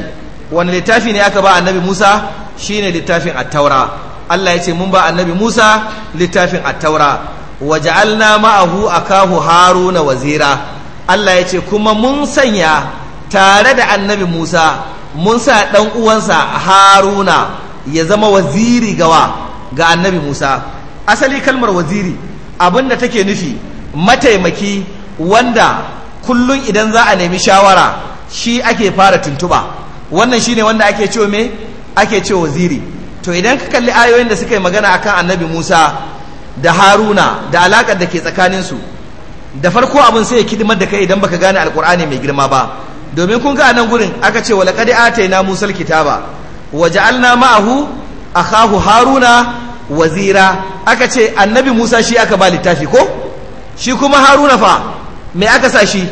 B: wani littafi ne aka ba annabi Musa shine littafin at-taura Allah ya ce mun ba annabi Musa littafin at-taura ja'alna ma'ahu akahu haruna wazira Allah ya ce kuma mun sanya tare da annabi Musa mun sa dan uwansa haruna ya zama waziri gawa ga annabi Musa asali kalmar waziri abinda take nufi mataimaki wanda kullum idan za a nemi shawara shi ake fara tuntuba wannan shine wanda ake ce me ake ce waziri to idan ka kalli ayoyin da suka yi magana akan annabi Musa da Haruna da alakar da ke tsakanin su da farko abin sai ya kidimar da kai idan baka gane alkur'ani mai girma ba domin kun ga nan gurin aka ce wala qad ataina musal kitaba wa ma'ahu akahu haruna wazira aka ce annabi musa shi aka ba littafi ko shi kuma haruna fa me aka sa shi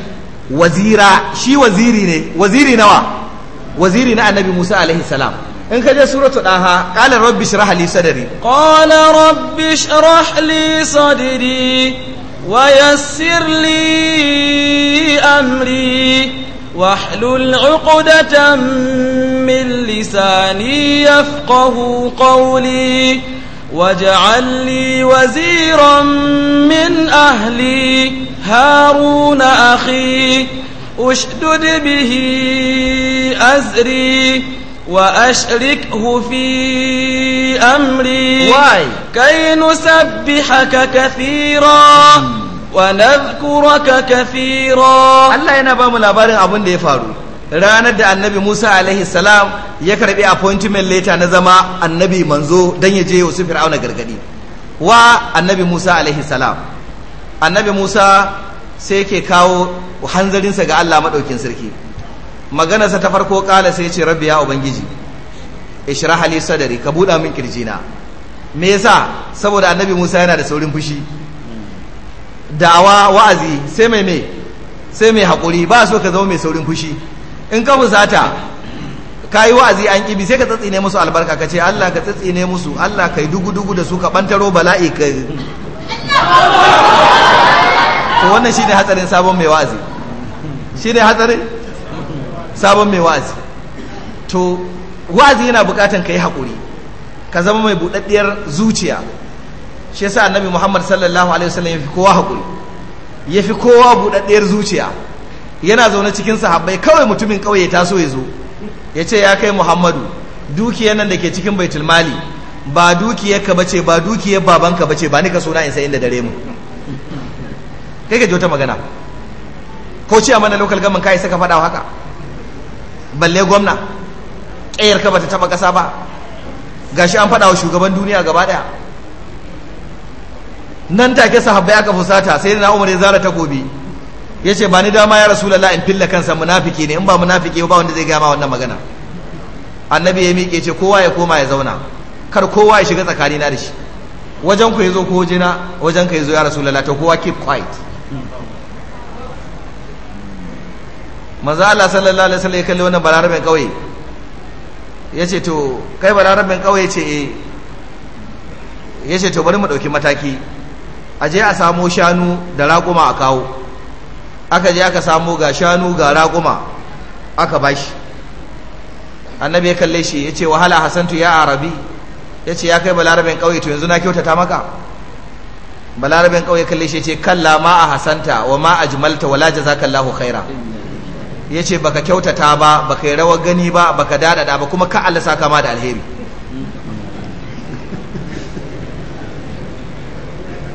B: wazira shi waziri ne waziri nawa waziri na annabi Musa alaihi salam in ka je suratu daha qala rabbi shrah li sadri qala rabbi shrah li
A: sadri wa yassir li amri واحلل عقدة من لساني يفقه قولي واجعل لي وزيرا من أهلي هارون أخي أشدد به أزري وأشركه في أمري كي نسبحك
B: كثيرا hmm. ونذكرك كثيرا الله ينبا ملابارين أبن دي فارو ranar da annabi musa alaihi salam ya karbi appointment letter na zama annabi manzo don ya je wasu fir'auna gargadi wa annabi musa alaihi salam annabi musa sai ke kawo hanzarinsa ga allah maɗaukin sarki maganarsa ta farko ƙala sai ce rabbi ya ubangiji ishrah hali sadari ka buɗa min kirjina me yasa saboda annabi musa yana da saurin fushi dawa wa'azi sai mai mai sai mai haƙuri ba so ka zama mai saurin fushi in ka fusata ka yi wa'azi an ƙibi sai ka tsatsine musu albarka ka ce Allah ka tsatsine musu Allah ka yi dugu-dugu da su ka ɓantaro bala'i ka
C: to wannan shi ne hatsarin
B: sabon mai wa'azi shi ne hatsarin sabon mai wa'azi to wa'azi yana bukatan ka yi haƙuri ka zama mai buɗaɗɗiyar zuciya shi yasa annabi muhammad sallallahu alaihi wasallam ya fi kowa haƙuri ya fi kowa buɗaɗɗiyar zuciya yana zaune cikin sahabbai kawai mutumin kawai ta so ya zo ya ce ya kai muhammadu dukiyar nan da ke cikin baitul mali ba dukiyar ka bace ba dukiyar baban ka bace ba ni ka suna in sai inda dare mu kai ka ji ta magana ko ce mana local government kai saka fada haka balle gwamna kayar ka bata taba kasa ba gashi an faɗawa wa shugaban duniya gaba ɗaya nan take sahabbai aka fusata sai na umar ya zara takobi yace ba ni dama ya rasulullahi in filla kansa munafiki ne in ba munafiki ba wanda zai gama wannan magana annabi ya miƙe ce kowa ya koma ya zauna kar kowa ya shiga tsakani na da shi wajen ku yazo ko jina wajen ka yazo ya rasulullahi to kowa keep quiet manzo Allah sallallahu alaihi wasallam ya kalle wannan balarabin kauye yace to kai balarabin kauye ce eh yace to bari mu dauki mataki aje a samo shanu da raƙuma a kawo aka je aka samu ga shanu ga raƙuma aka bashi annabi ya kalle shi ya ce wahala hasantu ya arabi ya ce ya kai balarabin ƙauye to yanzu na kyautata maka balarabin ƙauye kalle shi ya ce kalla ma a hasanta wa ma a jimalta wala Lahu khaira ya ce baka kyautata ba baka yi rawar gani ba baka dadada ba kuma ka Allah kama da alheri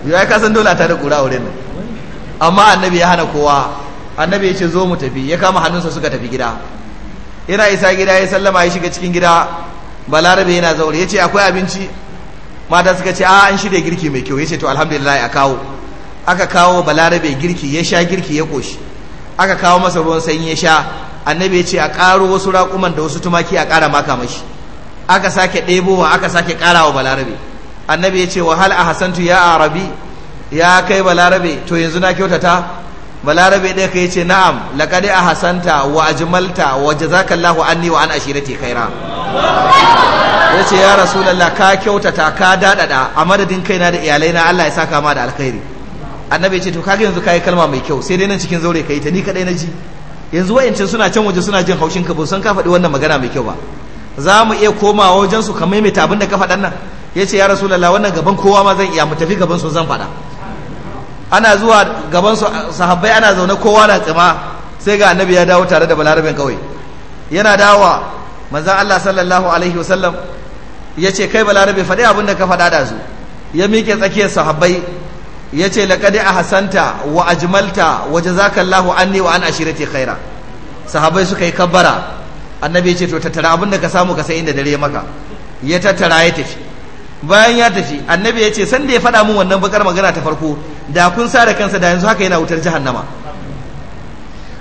B: ya kasan dole ta da kura wurin nan amma annabi ya hana kowa annabi ya ce zo mu tafi ya kama hannunsa suka tafi gida yana isa gida ya sallama ya shiga cikin gida balarabe yana zaure ya ce akwai abinci mata suka ce a an shirya girki mai kyau ya ce to alhamdulillah a kawo aka kawo balarabe girki ya sha girki ya koshi aka kawo masa ruwan sanyi ya sha annabi ya ce a ƙaro wasu raƙuman da wasu tumaki a ƙara maka mashi aka sake ɗebowa aka sake ƙarawa wa balarabe annabi ya ce wahal a hasantu ya arabi ya kai balarabe to yanzu na kyautata balarabe ɗaya kai ce na'am laƙadi a hasanta wa ajimalta wa jazakallahu anni wa an ashirati khaira ya ce ya rasulallah ka kyautata ka daɗaɗa a madadin kaina da iyalai na Allah ya saka ma da alkhairi annabi ce to kaga yanzu kayi kalma mai kyau sai dai nan cikin zaure kai ta ni kadai na ji yanzu wayancin suna can waje suna jin haushin ka ba san ka faɗi wannan magana mai kyau ba za mu iya komawa wajen su ka maimaita abin da ka faɗan nan ya ce ya rasulallah wannan gaban kowa ma zan iya mu tafi gaban su zan faɗa ana zuwa gaban sahabbai ana zaune kowa na tsima sai ga annabi ya dawo tare da balarabin kawai yana dawowa manzon Allah sallallahu alaihi wasallam ya kai balarabe faɗi abin da ka fada da su ya miƙe tsakiyar sahabbai yace ce ahsanta a Hassanta wa ajmalta wa jazakallahu anni wa an ashirati khaira sahabbai suka yi kabbara annabi yace to tattara abin da ka samu ka sai inda dare maka ya tattara ya tafi bayan ya tafi annabi ya ce sanda ya faɗa min wannan bakar magana ta farko da kun sa da kansa da yanzu haka yana wutar jahannama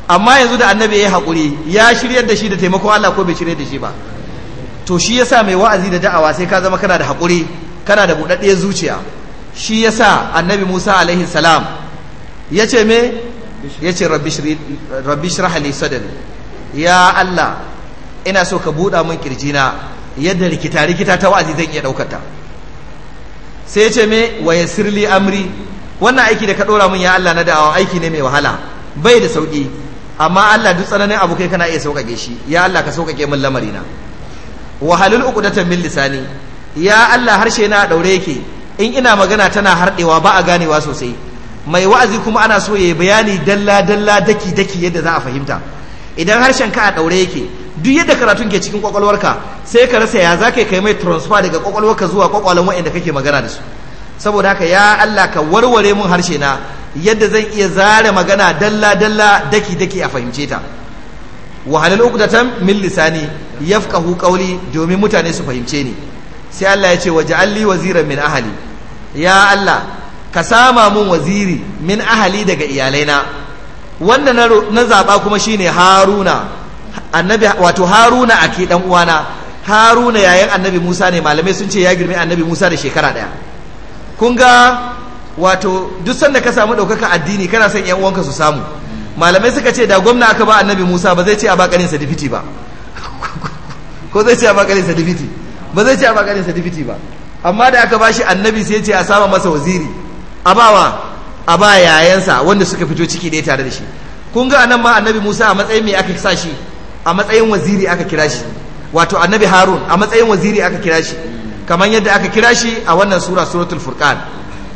B: amma yanzu da annabi ya yi haƙuri ya shiryar da shi da taimakon Allah ko bai shiryar da shi ba to shi yasa mai wa'azi da da'awa sai ka zama kana da haƙuri kana da buɗaɗɗe zuciya shi yasa annabi Musa alaihi salam ya ce me ya ce rabbi shirah li ya Allah ina so ka buɗa min kirjina yadda rikita rikita ta wa'azi zan iya ɗaukata sai ya ce me wa sirli amri wannan aiki da ka dora min ya Allah na da'awa aiki ne mai wahala bai da sauki amma Allah duk tsananin abu kai kana iya sauƙaƙe shi ya Allah ka sauƙaƙe min lamarina wahalul uqdatan min lisani ya Allah harshe na daure yake in ina magana tana hardewa ba a ganewa sosai mai wa'azi kuma ana so yayi bayani dalla dalla daki daki yadda za a fahimta idan harshen ka a daure yake duk yadda karatun ke cikin kwakwalwarka sai ka rasa ya za ka kai mai transfer daga kwakwalwarka zuwa kwakwalwan waɗanda kake magana da su saboda haka ya Allah ka warware mun harshe na yadda zan iya zare magana dalla dalla daki daki a fahimce ta wahalal uqdatan min lisani yafqahu qawli domin mutane su fahimce ni sai Allah ya ce waj'alli waziran min ahli ya Allah ka sama mun waziri min ahli daga iyalaina wanda na zaɓa kuma shine haruna annabi wato haruna ake dan uwana haruna yayin annabi musa ne malamai sun ce ya girme annabi musa da shekara daya kun ga wato duk sanda ka samu ɗaukaka addini kana son yan uwanka su samu malamai suka ce da gwamna aka ba annabi musa ba zai ce a bakarin sa difiti ba ko zai ce a bakarin sa difiti ba zai ce a bakarin sa difiti ba amma da aka bashi annabi sai ce a sama masa waziri a bawa a ba yayansa wanda suka fito ciki ɗaya tare da shi kun ga anan ma annabi musa a matsayin me aka sa shi a matsayin waziri aka kira shi wato annabi harun a matsayin waziri aka kira shi kamar yadda aka kira shi a wannan sura suratul furqan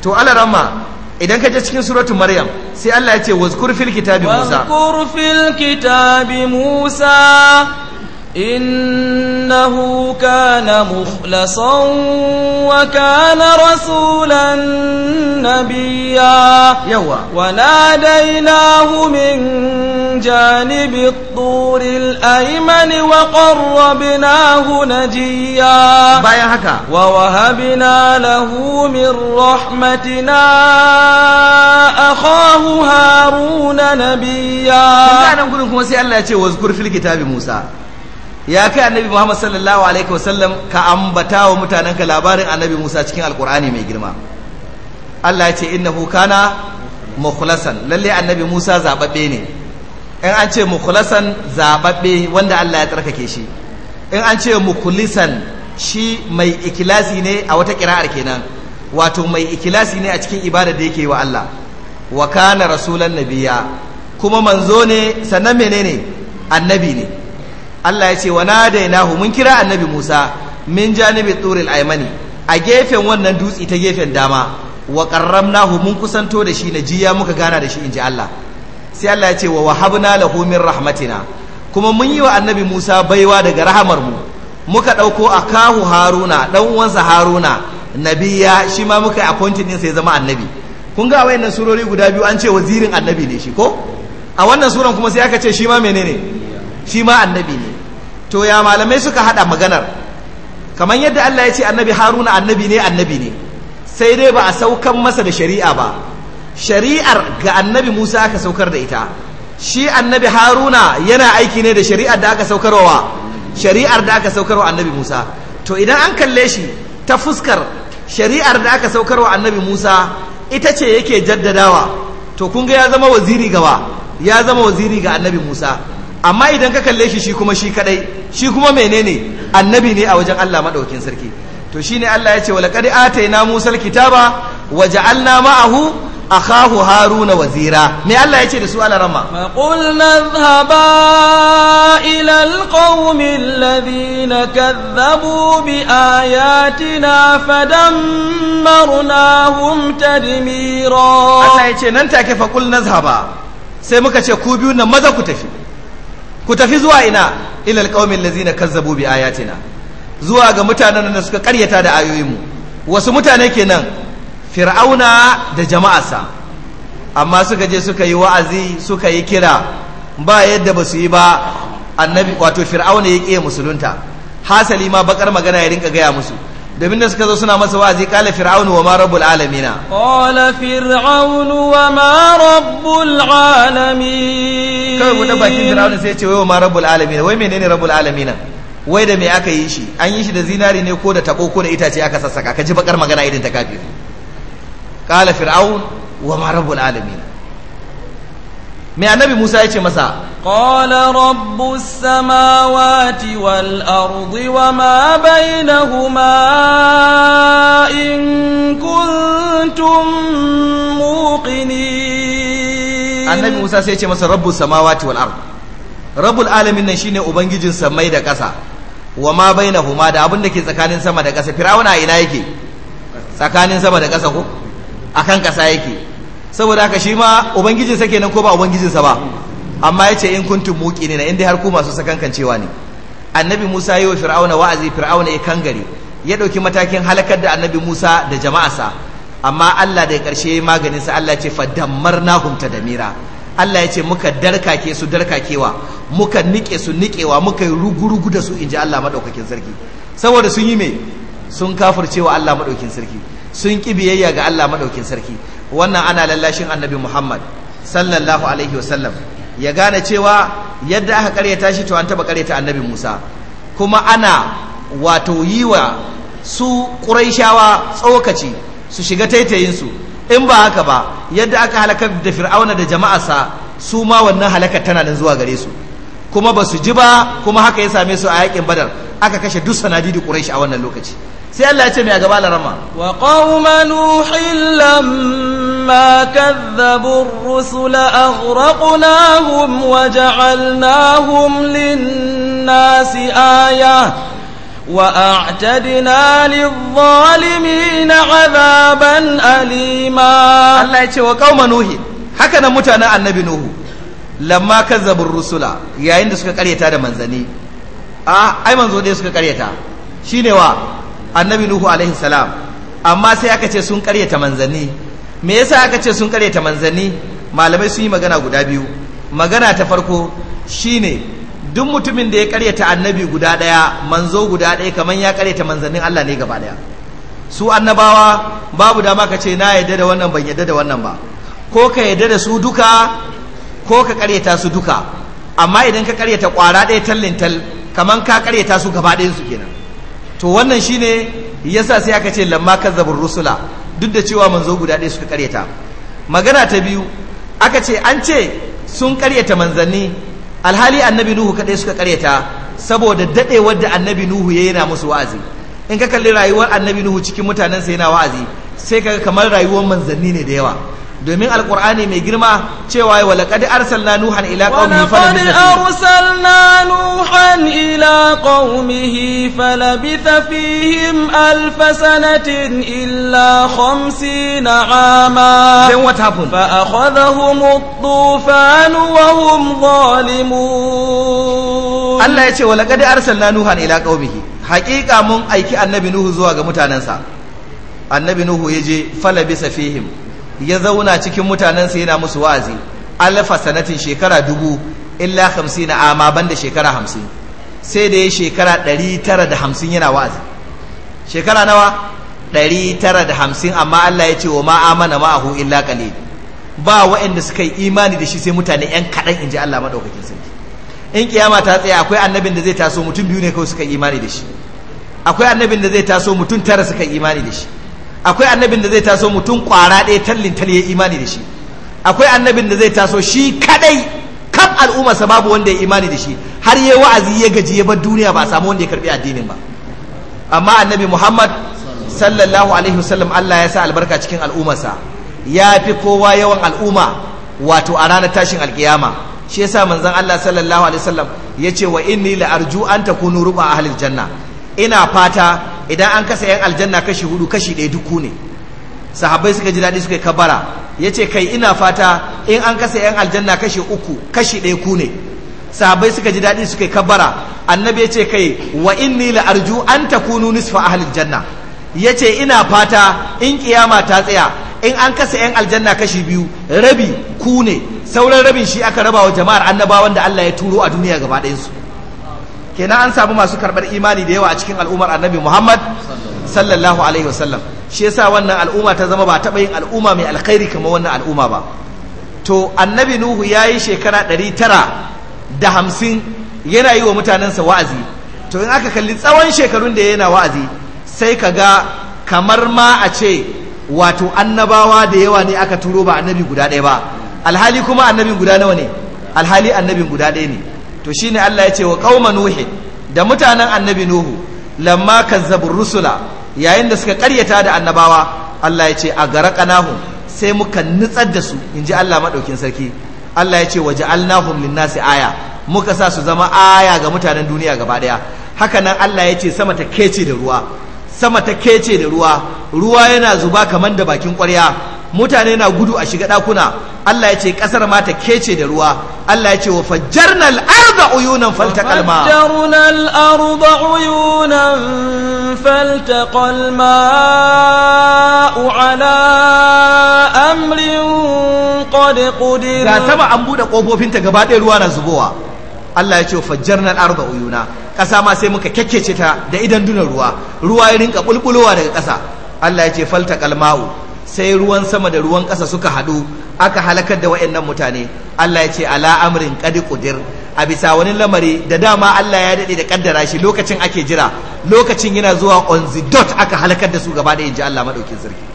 B: to alarama idan ka je cikin suratul maryam sai Allah ya ce wazkur fil kitabi musa
A: wazkur fil kitabi musa إنه كان مخلصا وكان رسولا نبيا يوا وناديناه من جانب الطور الأيمن وقربناه نجيا بايا ووهبنا له من رحمتنا
B: أخاه هارون نبيا كان نقول لكم سيالله يقول واذكر في الكتاب موسى ya kai annabi Muhammad sallallahu alaihi wasallam ka ambata wa mutanenka labarin annabi Musa cikin alkur'ani mai girma Allah ya ce innahu kana mukhlasan lalle annabi Musa zababbe ne in an ce mukhlasan zababbe wanda Allah ya tsarkake shi in an ce mukulisan shi mai ikilasi ne a wata kira'ar kenan wato mai ikilasi ne a cikin ibada da yake wa Allah wa kana rasulan nabiya kuma manzo ne sannan menene annabi ne Allah ya ce wa nadainahu mun kira annabi Musa min janibi turil aymani a gefen wannan dutse ta gefen dama wa qarramnahu mun kusanto da shi na jiya muka gana da shi inji Allah sai Allah ya ce wa wahabna lahu min rahmatina kuma mun yi wa annabi Musa baiwa daga rahamar mu muka dauko akahu Haruna dan uwansa Haruna nabiya shi ma muka appointin din sai zama annabi kun ga wayannan surori guda biyu an ce wazirin annabi ne shi ko a wannan suran kuma sai aka ce shi ma menene shi ma annabi ne to ya malamai suka hada maganar kamar yadda Allah ya ce annabi haruna annabi ne annabi ne sai dai ba a saukan masa da shari'a ba shari'ar ga annabi musa aka saukar da ita shi annabi haruna yana aiki ne da shari'ar da aka saukarwa shari'ar da aka saukarwa annabi musa to idan an kalle shi ta fuskar shari'ar da aka saukarwa annabi musa ita ce yake jaddadawa to kun ga ya zama waziri gaba ya zama waziri ga annabi musa amma idan ka kalle shi shi kuma shi kadai shi kuma menene annabi ne a wajen Allah madaukin sarki to shine Allah ya ce ataina musa alkitaba kitaba ja'alna ma'ahu akhahu haruna wazira me Allah ya ce da su ala rama qul
A: nadhhaba ila alqawmi alladhina kadhabu bi ayatina fadammarnahum tadmira
B: Allah ya ce nan take fa qul nadhhaba sai muka ce ku biyu nan maza ku tafi ku tafi zuwa ina ilal kaumin lazina kazzabu bi ayatina zuwa ga mutanen da suka karyata da ayoyinmu wasu mutane kenan fir'auna da jama'arsa amma suka je suka yi wa'azi suka yi kira ba yadda ba su yi ba annabi wato fir'auna ya ƙiye musulunta hasali ma bakar magana ya rinka gaya musu domin da suka zo suna masa wa'azi kala fir'aunu wa ma rabbul alamina
A: qala fir'aunu
B: wa ma rabbul alamin kai guda bakin fir'aunu sai ce wai wa ma rabbul alamin wai menene rabbul alamin wai da me aka yi shi an yi shi da zinari ne ko da tabo ko da itace aka sassaka ka ji bakar magana idan ta kafi qala fir'aun wa ma rabbul alamin mai annabi Musa ya ce masa
A: qala rabbus samawati wal ardi wa ma bainahuma in kuntum
B: muqinin annabi Musa sai ya ce masa rabbus samawati wal ardi rabbul alamin nan shine ubangijin samai da ƙasa wa ma bainahuma da abin da ke tsakanin sama da ƙasa fir'auna ina yake tsakanin sama da ƙasa ko akan ƙasa yake saboda haka shi ma ubangijinsa kenan ko ba ubangijinsa ba amma ya ce in kuntum na inda har ku masu sakankancewa ne annabi Musa yi wa fir'auna wa'azi fir'auna ya kangare ya ɗauki matakin halakar da annabi Musa da jama'arsa amma Allah da ya karshe ya maganin sa Allah ya ce fadammarnahum tadmira Allah ya ce muka darkake su darkakewa muka nike su nikewa muka yi rugurugu da su in ji Allah madaukakin sarki saboda sun yi me sun kafircewa Allah madaukakin sarki sun ƙi biyayya ga Allah maɗaukin sarki wannan ana lallashin annabi Muhammad sallallahu alaihi wasallam ya gane cewa yadda aka ta shi to an taba ta annabi Musa kuma ana wato yi wa su ƙuraishawa tsokaci su shiga taitayinsu in ba haka ba yadda aka halakar da fir'auna da jama'arsa su ma wannan halakar tana nan zuwa gare su kuma ba su ji ba kuma haka ya same su a yaƙin badar aka kashe duk sanadi da ƙuraishi a wannan lokaci sai Allah ya ce mai a gaba larama
A: wa qauma nuhin lamma kadhabu ar-rusula aghraqnahum wa ja'alnahum lin-nasi aya wa a'tadna
B: lil na 'adaban alima Allah ya ce wa qauma nuhi haka nan mutanen annabi nuhu lamma kadhabu ar-rusula yayin da suka karyata da manzani a ah, ai manzo dai suka karyata shine wa annabi nuhu alaihi salam amma sai aka ce sun karyata manzanni me yasa aka ce sun karyata manzanni malamai sun yi magana guda biyu magana ta farko shine duk mutumin da ya karyata annabi guda daya manzo guda daya kamar ya karyata manzannin Allah ne gaba daya su annabawa babu dama ka ce na yadda da wannan ban yadda da wannan ba ko ka yadda da su duka ko ka karyata su duka amma idan ka karyata kwara daya tallin tal kamar ka karyata su gaba ɗayan su kenan to wannan shine yasa sai aka ce lamma kazzabur rusula duk da cewa manzo guda ɗaya suka karyata magana ta biyu aka ce an ce sun karyata manzanni alhali annabi nuhu kaɗai suka karyata saboda daɗewar da annabi nuhu ya yana musu wa'azi in ka kalli rayuwar annabi nuhu cikin mutanensa yana wa'azi sai kaga kamar rayuwar manzanni ne da yawa domin alkur'ani mai girma cewa wa laqad arsalna nuhan ila qaumihi falabitha
A: arsalna nuhan ila qaumihi falabitha fihim alf sanatin illa 50 ama then what
B: happened fa akhadhahum at-tufan wa hum zalimun Allah ya ce wa laqad arsalna nuhan ila qaumihi haqiqa mun aiki annabi nuhu zuwa ga mutanansa annabi nuhu yaje falabitha fihim ya zauna cikin mutanensa yana musu wa'azi alfa sanatin shekara dubu illa hamsin na amma ban da shekara hamsin sai da ya shekara ɗari tara da hamsin yana wa'azi shekara nawa ɗari tara da hamsin amma Allah ya ce wa ma amana ma'ahu illa qalil ba waɗanda suka yi imani da shi sai mutane yan kaɗan in ji Allah maɗaukakin sarki in kiyama ta tsaye akwai annabin da zai taso mutum biyu ne kawai suka yi imani da shi akwai annabin da zai taso mutum tara suka yi imani da shi akwai annabin da zai taso mutum kwara ɗaya tallin tal ya imani da shi akwai annabin da zai taso shi kadai kaf al'ummarsa babu wanda ya imani da shi har ya wa'azi ya gaji ya bar duniya ba a samu wanda ya karbi addinin ba amma annabi muhammad sallallahu alaihi wasallam allah ya sa albarka cikin al'ummarsa ya fi kowa yawan al'umma wato a ranar tashin alkiyama shi yasa manzon allah sallallahu alaihi wasallam ya ce wa inni la arju an takunu ruba ahlil janna ina fata idan an kasa yan aljanna kashi hudu kashi ɗaya duku ne sahabbai suka ji daɗi suka yi kabara ya ce kai ina fata in an kasa yan aljanna kashi uku kashi ɗaya ku ne sahabbai suka ji daɗi suka yi kabara annabi ya ce kai wa inni la arju an kunu nisfa halin janna ya ce ina fata in kiyama ta tsaya in an kasa yan aljanna kashi biyu rabi ku ne sauran rabin shi aka raba wa jama'ar annabawan da Allah ya turo a duniya gaba ɗayansu kenan an samu masu karɓar imani da yawa a cikin al'ummar annabi muhammad sallallahu alaihi wasallam shi yasa wannan al'umma ta zama ba taɓa yin al'umma mai alkhairi kamar wannan al'umma ba to annabi nuhu ya yi shekara ɗari tara da hamsin yana yi wa mutanensa wa'azi to in aka kalli tsawon shekarun da yana wa'azi sai ka ga kamar ma a ce wato annabawa da yawa ne aka turo ba annabi guda ɗaya ba alhali kuma annabin guda nawa ne alhali annabin guda ɗaya ne to shine Allah ya ce wa kauma nuhi da mutanen annabi nuhu lamma kazzabu rusula yayin da suka karyata da annabawa Allah ya ce a kanahu sai muka nutsar da su in ji Allah madaukin sarki Allah ya ce wa ja'alnahum linnasi aya muka sa su zama aya ga mutanen duniya gaba daya haka nan Allah ya ce sama ta kece da ruwa sama ta kece da ruwa ruwa yana zuba kamar da bakin ƙwarya mutane na gudu a shiga ɗakuna Allah ya ce ƙasar ma ta kece da ruwa Allah ya ce wa fajjarna al-arda uyunan faltaƙal ma
A: fajjarna
B: uyunan
A: faltaƙal ma ala
B: amrin qad qudir ga saba an buɗe ta gaba ɗaya ruwa na zubowa Allah ya ce wa fajjarna al-arda uyuna ƙasa ma sai muka kekece ta da idan dunan ruwa ruwa ya rinka bulbulowa daga ƙasa Allah ya ce faltaƙal ma'u sai ruwan sama da ruwan ƙasa suka haɗu aka halakar da waɗannan mutane Allah ya ce ala amrin qad qudir a bisa wani lamari da dama Allah ya daɗe da kaddara shi lokacin ake jira lokacin yana zuwa on the dot aka halakar da su gaba da inji Allah madaukin sarki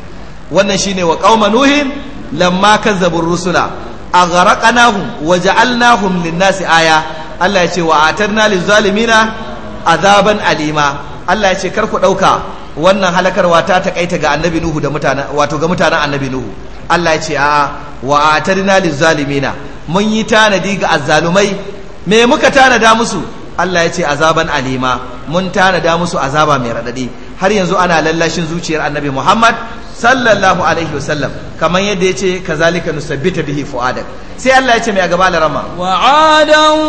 B: wannan shine wa qauma nuhin lamma kazzabur rusula aghraqnahum wa ja'alnahum aya Allah ya ce wa atarna liz azaban alima Allah ya ce kar ku ɗauka. wannan halakarwa ta takaita ga annabi nuhu da mutane wato ga mutanen annabi nuhu Allah ya ce a wa atarina lizalimina mun yi tanadi ga azzalumai me muka tanada musu Allah ya ce azaban alima mun tanada musu azaba mai radadi har yanzu ana lallashin zuciyar annabi Muhammad sallallahu alaihi wasallam kamar yadda yace kazalika nusabbita bihi fuadak sai Allah ya ce mai a gaba larama
A: wa adan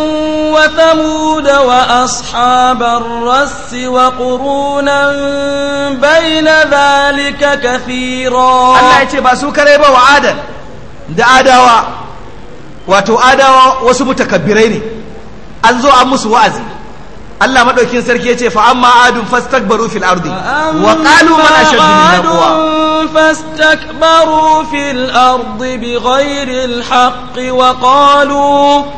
A: wa thamud wa ashabar rass wa qurunan
B: baina zalika kathira Allah ya ce ba su kare ba wa adan da adawa wato adawa wasu mutakabbirai ne an zo an musu wa'azi Allah madaukin sarki yace fa amma adun fastakbaru fil ardi wa qalu man ashaddu minna quwwa fastakbaru fil ardi
A: bighayri al haqqi wa qalu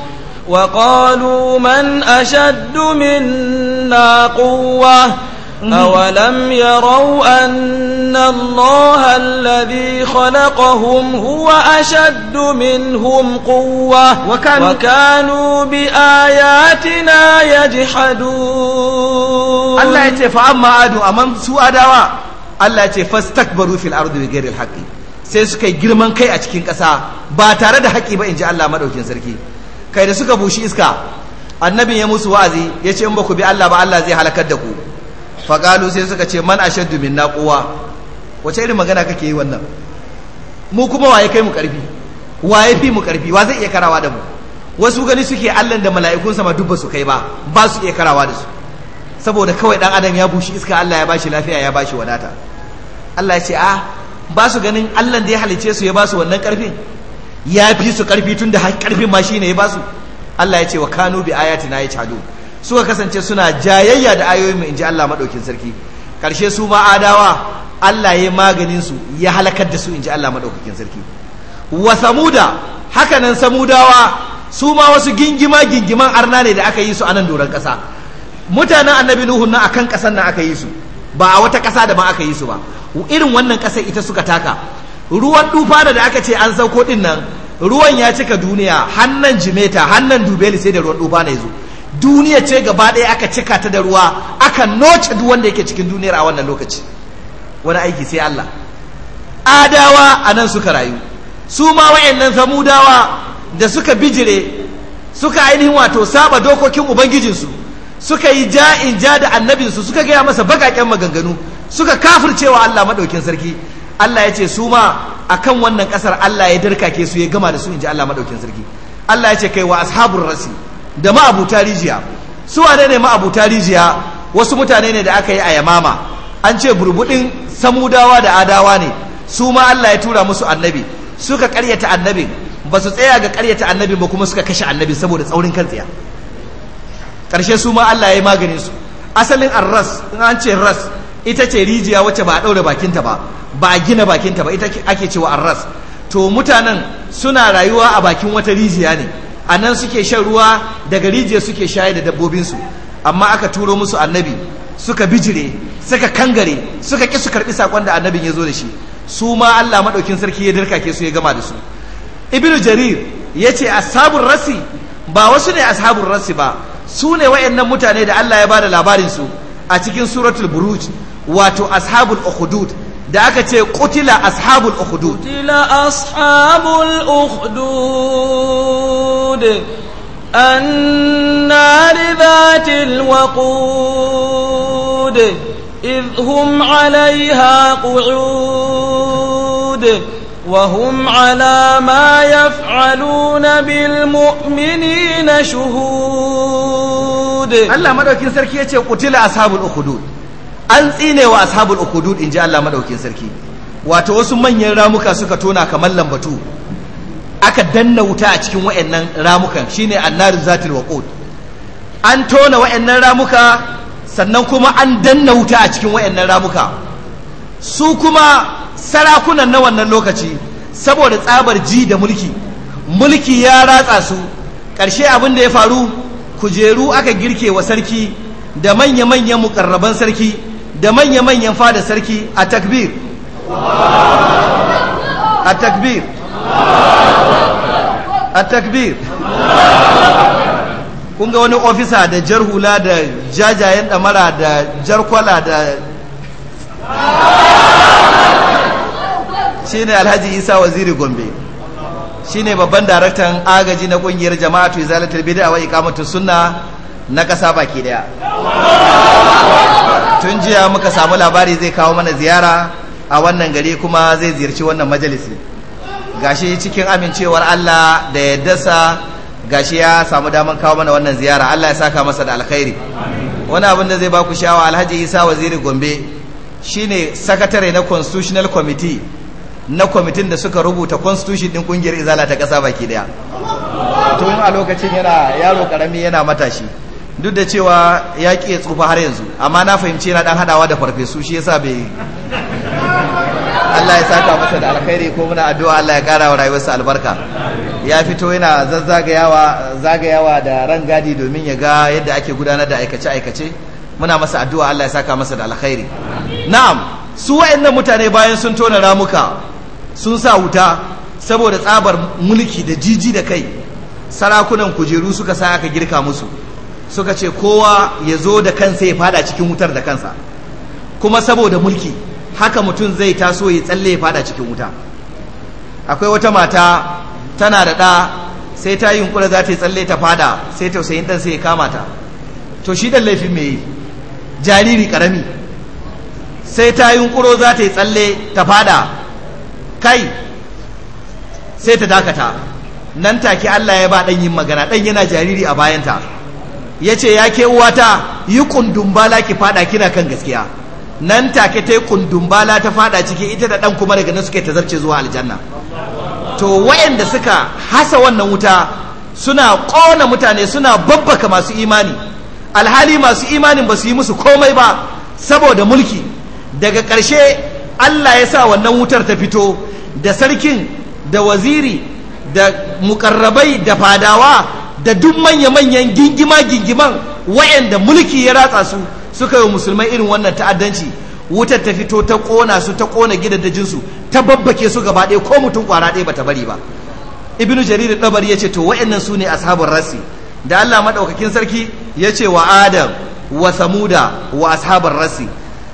A: وقالوا من أشد منا قوة أولم يروا أن الله الذي خلقهم هو أشد منهم قوة وكانوا, وكانوا بآياتنا
B: يجحدون الله يتي فأما عادوا أمام سوء دواء الله يتي فاستكبروا في الأرض بغير الحق sai suka yi girman kai a cikin ƙasa ba tare da haƙƙi ba in ji Allah maɗaukin sarki kai da suka bushi iska annabin ya musu wa'azi ya ce in ba ku bi Allah ba Allah zai halakar da ku faƙalu sai suka ce man ashaddu minna quwwa wace irin magana kake yi wannan mu kuma waye kai mu karfi waye fi mu karfi wa zai iya karawa da mu wasu gani suke allah da mala'ikun sama dubba su kai ba ba su iya karawa da su saboda kawai dan adam ya bushi iska Allah ya bashi lafiya ya bashi wadata Allah ya ce a ah, ba su ganin allan da ya halice su ya ba su wannan karfi ya fi su karfi tunda da karfin ma shine ya ba su Allah ya ce wa kanu bi ayatina ya chadu suka kasance suna jayayya da ayoyin mu inji Allah madaukin sarki karshe su ma adawa Allah ya maganin su ya halakar da su inji Allah madaukakin sarki wa samuda haka samudawa su ma wasu gingima gingiman arna ne da aka yi su a nan doron kasa mutanen annabi nuhu na akan kasan nan aka yi su ba a wata kasa da ma aka yi su ba irin wannan kasar ita suka taka ruwan dufa da aka ce an sauko din nan ruwan ya cika duniya hannan jimeta hannan dubeli sai da ruwan dufa na ya zo duniya ce gaba ɗaya aka cika ta da ruwa aka noce duk wanda yake cikin duniyar a wannan lokaci wani aiki sai Allah adawa a nan suka rayu su ma wa'annan samudawa da suka bijire suka ainihin wato saba dokokin ubangijinsu suka yi ja'in ja da annabinsu suka gaya masa bakaken maganganu suka kafircewa Allah madaukin sarki Allah ya ce su ma akan wannan kasar Allah ya darkake su ya gama da su in ji Allah madaukin sarki Allah ya ce kai wa ashabun rasi da ma'abuta rijiya su wane ne ma'abuta rijiya wasu mutane ne da aka yi a yamama an ce burbudin samudawa da adawa ne su ma Allah ya tura musu annabi suka karyata annabi ba su tsaya ga karyata annabi ba kuma suka kashe annabi saboda tsaurin kan tsaya karshe su ma Allah ya yi maganin su asalin arras in an ce ras ita ce rijiya wacce ba a ɗaure bakinta ba ba a gina bakinta ba ita ake cewa arras to mutanen suna rayuwa a bakin wata rijiya ne a nan suke shan ruwa daga rijiya suke shayar da dabbobin su amma aka turo musu annabi suka bijire suka kangare suka ƙi su karɓi saƙon da annabin ya zo da shi su ma Allah maɗaukin sarki ya dirkake su ya gama da su ibnu jarir ya ce ashabun rasi ba wasu ne ashabun rasi ba su ne wa'annan mutane da Allah ya ba da labarinsu a cikin suratul buruj wato ashabul ukhudud da aka ce qutila ashabul ukhudud
A: qutila ashabul ukhudud الوقود النار ذات الوقود إذ هم عليها قعود وهم على
B: ما يفعلون بالمؤمنين شهود الله مدوكين سركي يتي قتل أصحاب الأخدود أنسيني وأصحاب الأخدود إن جاء الله Allah madaukin sarki wato wasu manyan ramuka suka tona aka danna wuta a cikin wa'annan ramukan shine annarin zatil waqud an tona wa'annan ramuka sannan kuma an danna wuta a cikin wa'annan ramuka su kuma sarakunan na wannan lokaci saboda tsabar ji da mulki mulki ya ratsa su ƙarshe abin da ya faru kujeru aka girke wa sarki da manya-manyan mukarraban sarki da manya-manyan fada sarki a takbir a takbir a takbir kun ga wani ofisa da jar hula da jajayen damara da jar kwala da shine alhaji isa waziri gombe shine babban daraktan agaji na kungiyar jama'atu izalatul bid'a wa iqamatus sunna na kasa baki daya tun jiya muka samu labari zai kawo mana ziyara a wannan gari kuma zai ziyarci wannan majalisi gashi cikin amincewar Allah da yaddarsa gashi ya samu damar kawo mana wannan ziyara Allah ya saka masa da alkhairi wani abin da zai baku sha'awa Alhaji Isa Waziri Gombe shine sakatare na Constitutional Committee na kwamitin da suka rubuta constitution din kungiyar Izala ta kasa baki daya tun a lokacin yana yaro karami yana matashi duk da cewa ya tsufa har yanzu amma na fahimci yana dan hadawa da farfesu shi yasa bai Allah ya saka masa da alkhairi ko muna addu'a Allah ya kara wa rayuwarsa albarka ya fito yana zazzagayawa zagayawa da rangadi domin ya ga yadda ake gudanar da aikace aikace muna masa addu'a Allah ya saka masa da alkhairi na'am su wayannan mutane bayan sun tona ramuka sun sa wuta saboda tsabar mulki da jiji da kai sarakunan kujeru suka sa aka girka musu suka ce kowa ya zo da kansa ya fada cikin wutar da kansa kuma saboda mulki haka mutum zai taso ya tsalle ya fada cikin wuta akwai wata mata tana da ɗa sai ta yi hunkula za ta yi tsalle ta fada sai tausayin ɗan sai ya kama ta to shi ɗan laifin me yi jariri ƙarami sai ta yi yunkuro za ta yi tsalle ta fada kai sai ta dakata nan take Allah ya ba ɗan yin magana ɗan yana jariri a bayanta ya ce ya ke uwata yi kundun bala ki fada kina kan gaskiya nan take ta yi kundumbala ta fada ciki ita da ɗan kuma daga nan suka ta zarce zuwa aljanna to wayanda suka hasa wannan wuta suna ƙona mutane suna babbaka masu imani alhali masu imanin ba su yi musu komai ba saboda mulki daga ƙarshe allah ya sa wannan wutar ta fito da sarkin da waziri da mukarrabai da fadawa da duk manya-manyan gingima-gingiman wayanda mulki ya ratsa su suka yi musulmai irin wannan ta'addanci wutar ta fito ta kona su ta kona gidajen su ta babbake su gaba ɗaya ko mutum kwara ɗaya bata bari ba ibnu jarir dabari yace to wayannan sune ashabul rasi da Allah madaukakin sarki yace wa adam wa samuda wa ashabul rasi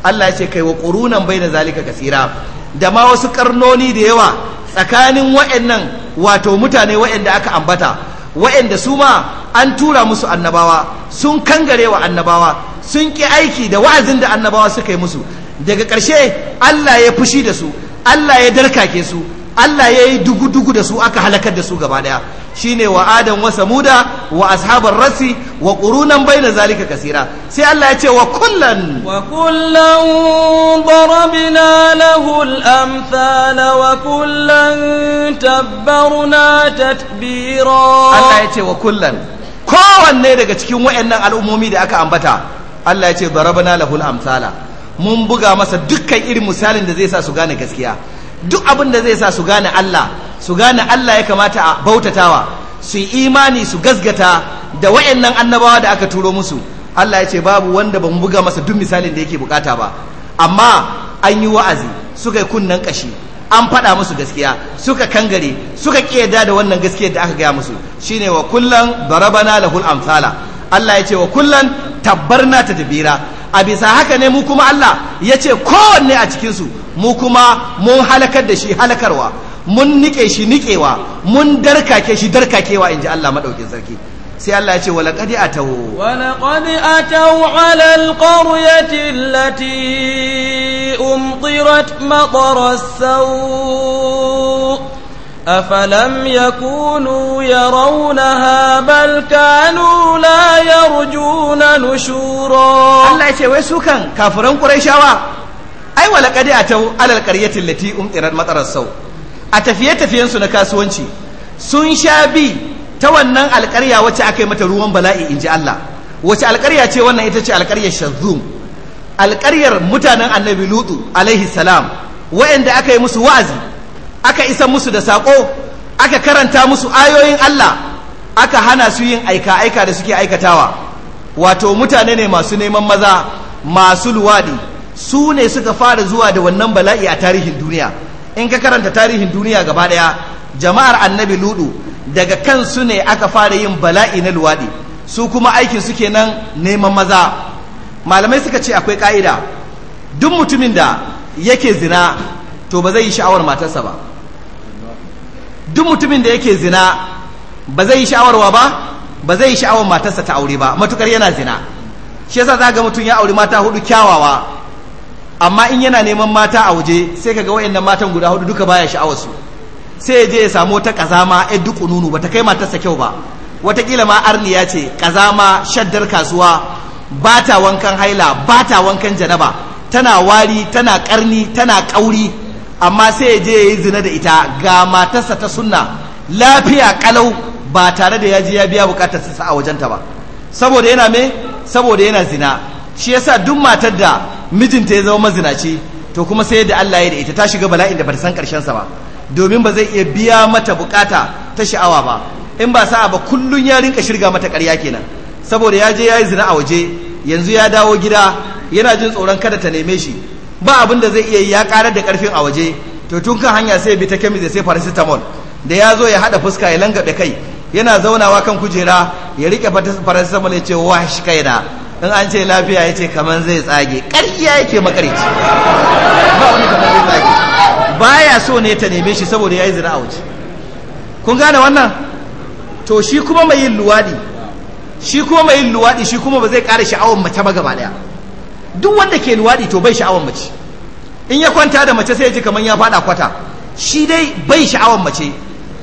B: Allah yace kai wa qurunan baina zalika kasira da ma wasu karnoni da yawa tsakanin wayannan wato mutane wayanda aka ambata waɗanda su ma an tura musu annabawa sun kangare wa annabawa sun ƙi aiki da wa'azin da annabawa suka yi musu daga ƙarshe Allah ya fushi da su Allah ya darkake su Allah ya yi dugu-dugu da su aka halakar da su gaba ɗaya shine wa adam wa samuda wa ashabar rasi wa ƙurunan baina zalika kasira sai Allah ya ce wa kullan wa
A: kullan darabna lahu al wa kullan
B: tatbira Allah ya ce wa kullan kowanne daga cikin wayannan al'ummomi da aka ambata Allah ya ce darabna lahu al mun buga masa dukkan irin misalin da zai sa su gane gaskiya duk abin da zai sa su gane Allah su gane Allah ya kamata a bautatawa su yi imani su gasgata da wayannan annabawa da aka turo musu Allah ya ce babu wanda ban buga masa duk misalin da yake bukata ba amma an yi wa'azi suka yi kunnen kashi an faɗa musu gaskiya suka kangare suka kiyada da wannan gaskiyar da aka gaya musu shine wa kullan barabana lahul amsala Allah ya ce wa kullan tabbarna ta tabira a bisa haka ne mu kuma Allah ya ce kowanne a cikinsu mu kuma mun halakar da shi halakarwa mun nike shi nikewa mun darkake shi darkakewa in ji Allah maɗaukin sarki sai Allah ya ce wala qad atau
A: wala qad atau ala alqaryati allati umtirat matara sau afalam yakunu yarawnaha bal kanu la
B: yarjuna nushura Allah ya ce wai su kan kafiran quraishawa ai wala qad atau ala alqaryati allati umtirat matara sau a tafiye-tafiyensu na kasuwanci sun sha bi ta wannan alƙarya wacce aka yi mata ruwan bala'i in ji Allah wacce alƙarya ce wannan ita ce alƙaryar shazum alƙaryar mutanen annabi Ludu alaihi salam wa'anda aka yi musu wa'azi aka isa musu da saƙo aka karanta musu ayoyin Allah aka hana su yin aika-aika da suke aikatawa wato mutane ne masu neman maza masu luwadi su ne suka fara zuwa da wannan bala'i a tarihin duniya in ka karanta tarihin duniya gaba daya jama'ar annabi ludu daga kansu ne aka fara yin bala'i na luwaɗi su kuma aikin su kenan neman maza malamai suka ce akwai ƙa'ida duk mutumin da yake zina to ba zai yi sha'awar matarsa ba duk mutumin da yake zina ba zai yi sha'awarwa ba ba zai yi sha'awar matarsa ta aure ba matukar yana zina shi yasa za ga mutum ya auri mata hudu kyawawa amma in yana neman mata a waje sai kaga wayannan matan guda hudu duka baya sha'awar su sai ya je ya samu wata kazama ai duk ununu bata kai matarsa kyau ba watakila ma arniya ce kazama shaddar kasuwa ba ta wankan haila ba ta wankan janaba tana wari tana karni tana kauri amma sai ya je ya yi zina da ita ga matarsa ta sunna lafiya kalau ba tare da ya je ya biya bukatar sa a wajenta ba saboda yana me saboda yana zina shi yasa duk matar da mijinta ya zama mazinaci to kuma sai da Allah ya da ita ta shiga bala'in da bata san karshen sa ba domin ba zai iya biya mata bukata ta sha'awa ba in ba sa'a ba kullun ya rinka shirga mata ƙarya kenan saboda ya je ya yi zina a waje yanzu ya dawo gida yana jin tsoron kada ta neme shi ba abin da zai iya ya karar da karfin a waje to tun kan hanya sai bi ta kemis sai paracetamol da ya zo ya haɗa fuska ya da kai yana zaunawa kan kujera ya rike paracetamol ya ce wa shi kaina in an ce lafiya ya ce kamar zai tsage ƙarya yake makarci
C: ba wani kamar
B: zai tsage ya so ne ta neme shi saboda ya yi zira a waje kun gane wannan to shi kuma mai yin luwaɗi shi kuma mai yin luwaɗi shi kuma ba zai ƙara sha'awar mace ba gaba ɗaya duk wanda ke luwaɗi to bai sha'awar mace in ya kwanta da mace sai ya ji kamar ya faɗa kwata shi dai bai sha'awar mace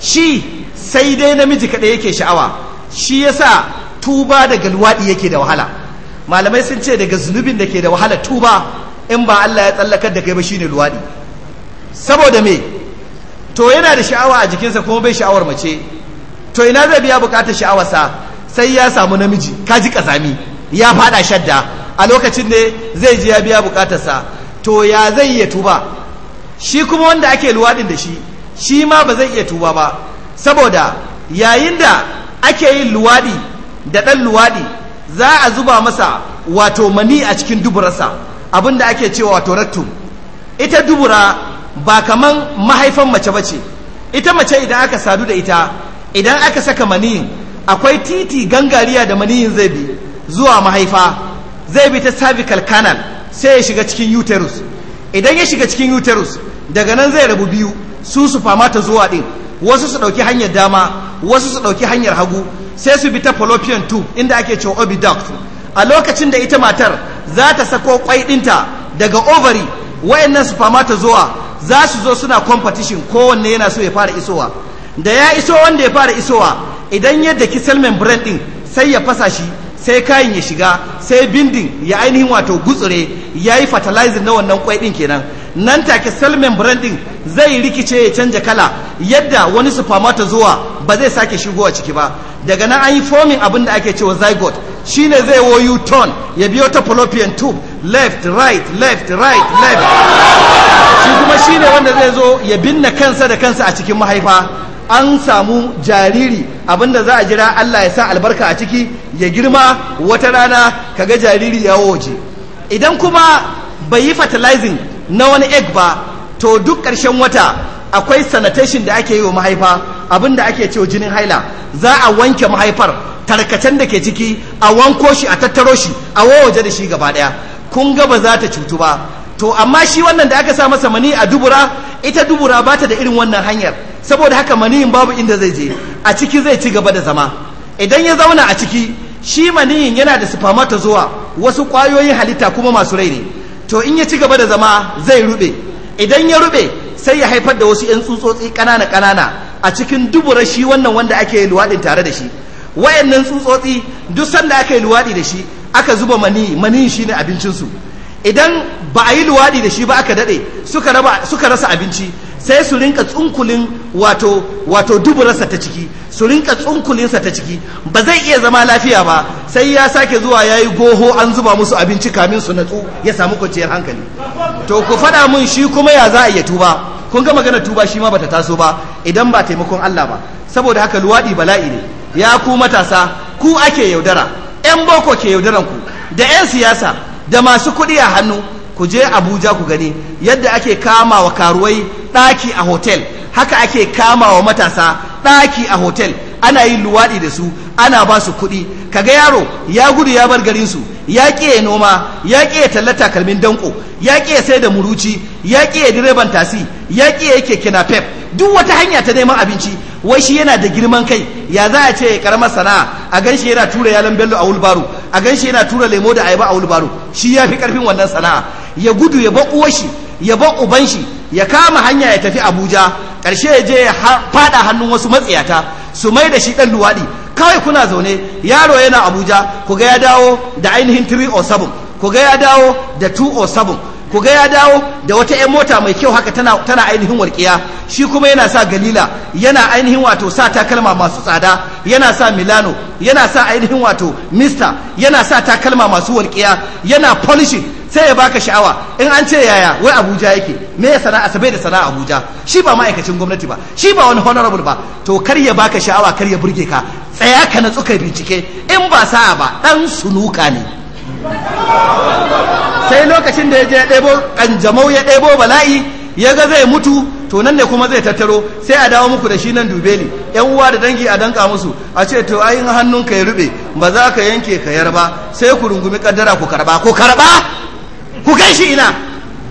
B: shi sai dai namiji kaɗai yake sha'awa shi yasa tuba daga luwaɗi yake da wahala malamai sun ce daga zunubin da ke da wahala tuba in ba Allah ya tsallakar da kai ba shine luwadi saboda me to yana da sha'awa a jikinsa kuma bai sha'awar mace to ina zai biya bukatar sha'awarsa sai ya samu namiji ka kaji kazami ya fada shadda a lokacin ne zai ji ya biya bukatarsa to ya zai iya tuba shi kuma wanda ake luwadin da shi shi ma ba zai iya tuba ba saboda yayin da ake yin luwadi da ɗan luwadi za a zuba masa wato mani a cikin duburarsa abinda ake cewa wato rattum ita dubura ba kaman mahaifan mace ba ce ita mace idan aka sadu da ita idan aka saka maniyin akwai titi gangariya da maniyin zai bi zuwa mahaifa zai bi ta cervical canal sai ya shiga cikin uterus idan ya shiga cikin uterus daga nan zai rabu biyu su su fama ta zuwa din wasu su ɗauki hanyar dama wasu su ɗauki hanyar hagu sai su bi ta fallopian tube inda ake cewa oviduct a lokacin da ita matar za ta sako kwai dinta daga ovary wayannan su fama ta zuwa za su zo suna competition kowanne yana so ya fara isowa da ya iso wanda ya fara isowa idan yadda daki cell membrane ɗin sai ya fasa shi sai kayan ya shiga sai bindin ya ainihin wato gutsure yayi yi fertilizing na wannan kwai din kenan nan take salmen branding zai rikice ya canja kala yadda wani supermarket zuwa ba zai sake shigowa ciki ba daga nan an yi forming abin da ake cewa zygote shine zai wo u-turn ya biyo ta fallopian tube left right left right left shi kuma shine wanda zai zo ya binne kansa da kansa a cikin mahaifa an samu jariri abinda za a jira Allah ya sa albarka a ciki ya girma wata rana kaga jariri ya waje idan kuma bai yi fertilizing na wani egg ba to duk ƙarshen wata akwai sanitation da ake yi wa mahaifa abin da ake cewa jinin haila za a wanke mahaifar tarkacen da ke ciki a wanko shi a tattaro shi a wawaje da shi gaba ɗaya kun ga ba za ta cutu ba to amma shi wannan da aka sa masa mani a dubura ita dubura ba ta da irin wannan hanyar saboda haka maniyin babu inda zai je a ciki zai ci gaba da zama idan ya zauna a ciki shi maniyin yana da zuwa wasu ƙwayoyin halitta kuma masu rai ne to in ya ci gaba da zama zai rube idan ya rube sai ya haifar da wasu 'yan tsutsotsi ƙanana ƙanana a cikin dubura shi wannan wanda ake luwaɗin tare da shi wayannan tsutsotsi duk sanda aka yi luwaɗi da shi aka zuba mani mani shi ne abincinsu idan ba a yi luwaɗi da shi ba aka daɗe suka rasa abinci sai su rinka tsunkulin wato duburarsa ta ciki su rinka tsunkulinsa ta ciki ba zai iya zama lafiya ba sai ya sake zuwa ya yi goho an zuba musu abinci kamin su natsu ya samu kwanciyar hankali to ku faɗa mun shi kuma ya za a iya tuba kun ga magana tuba shi ma bata taso ba idan ba taimakon Allah ba saboda haka luwaɗi bala'i ne ya ku matasa ku ake yaudara 'yan boko ke yaudarar ku da 'yan siyasa da masu kuɗi a hannu ku je abuja ku gani yadda ake kama wa karuwai ɗaki a hotel haka ake kama wa matasa ɗaki a hotel ana yin luwaɗi da su ana ba su kuɗi kaga yaro ya gudu ya bar garin su ya ƙiye noma ya ƙiye ya tallata kalmin danko ya ƙiye sai da muruci ya ƙiye direban tasi ya ƙiye ya keke pep duk wata hanya ta neman abinci wai shi yana da girman kai ya za a ce karamar sana'a a gan shi yana tura yalan bello a wulbaro a gan shi yana tura lemo da ayaba a wulbaro shi ya fi karfin wannan sana'a ya gudu ya bar uwar ya bar uban shi ya kama hanya ya tafi abuja ƙarshe ya je ya faɗa hannun wasu matsiyata su mai da shi ɗan luwaɗi kawai kuna zaune yaro yana abuja ku ga ya dawo da ainihin 307 ku ga ya dawo da 207 ku ga ya dawo da wata 'yan mota mai kyau haka tana, tana ainihin warkiya shi kuma yana sa galila yana ainihin wato sa takalma masu tsada yana sa milano yana sa ainihin wato mista yana sa takalma masu warkiya yana polishing sai ya baka sha'awa in an ce yaya wai abuja yake me ya sana'a sabai da sana'a abuja shi ba ma'aikacin gwamnati ba shi ba wani honorable ba to kar ya baka sha'awa kar ya burge ka tsaya ka na tsuka bincike in ba sa'a ba dan sunuka ne sai lokacin da ya je ɗebo kanjamau ya ɗebo bala'i ya ga zai mutu to nan ne kuma zai tattaro sai a dawo muku da shi nan dube ne yan uwa da dangi a danka musu a ce to ayin hannunka ya rube ba za ka yanke ka yar ba sai ku rungumi kaddara ku karba ku karba ku kai shi ina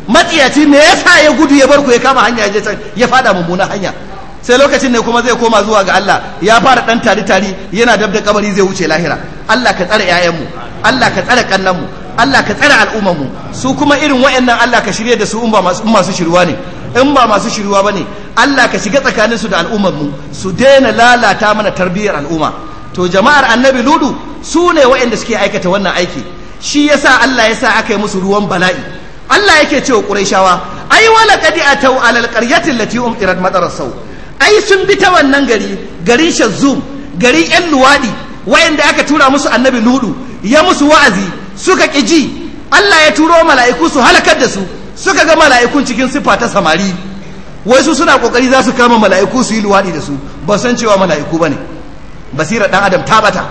B: matsiyaci me yasa ya gudu ya bar ku ya kama hanya ya can ya fada mummunan hanya sai lokacin ne kuma zai koma zuwa ga Allah ya fara dan tari tari yana dab da kabari zai wuce lahira Allah ka tsare ƴaƴanmu Allah ka tsare mu Allah ka tsare mu su kuma irin wayannan Allah ka shirye da su in ba masu shirwa ne in ba masu shirwa bane Allah ka shiga tsakanin su da mu su daina lalata mana tarbiyyar al'umma to jama'ar annabi ludu su ne wayanda suke aikata wannan aiki shi ya sa Allah ya sa aka yi musu ruwan bala'i Allah yake cewa ƙuraishawa ai wala a tau alal qaryati allati umtirat madarar sau ai sun bi ta wannan gari garin Shazzum garin ƴan wayan wayanda aka tura musu annabi Ludu ya musu wa'azi suka ƙi ji Allah ya turo mala'iku su halakar da su suka ga mala'ikun cikin siffa ta samari wai su suna kokari za su kama mala'iku su yi luwaɗi da su ba san cewa mala'iku ba ne basirar ɗan adam ta bata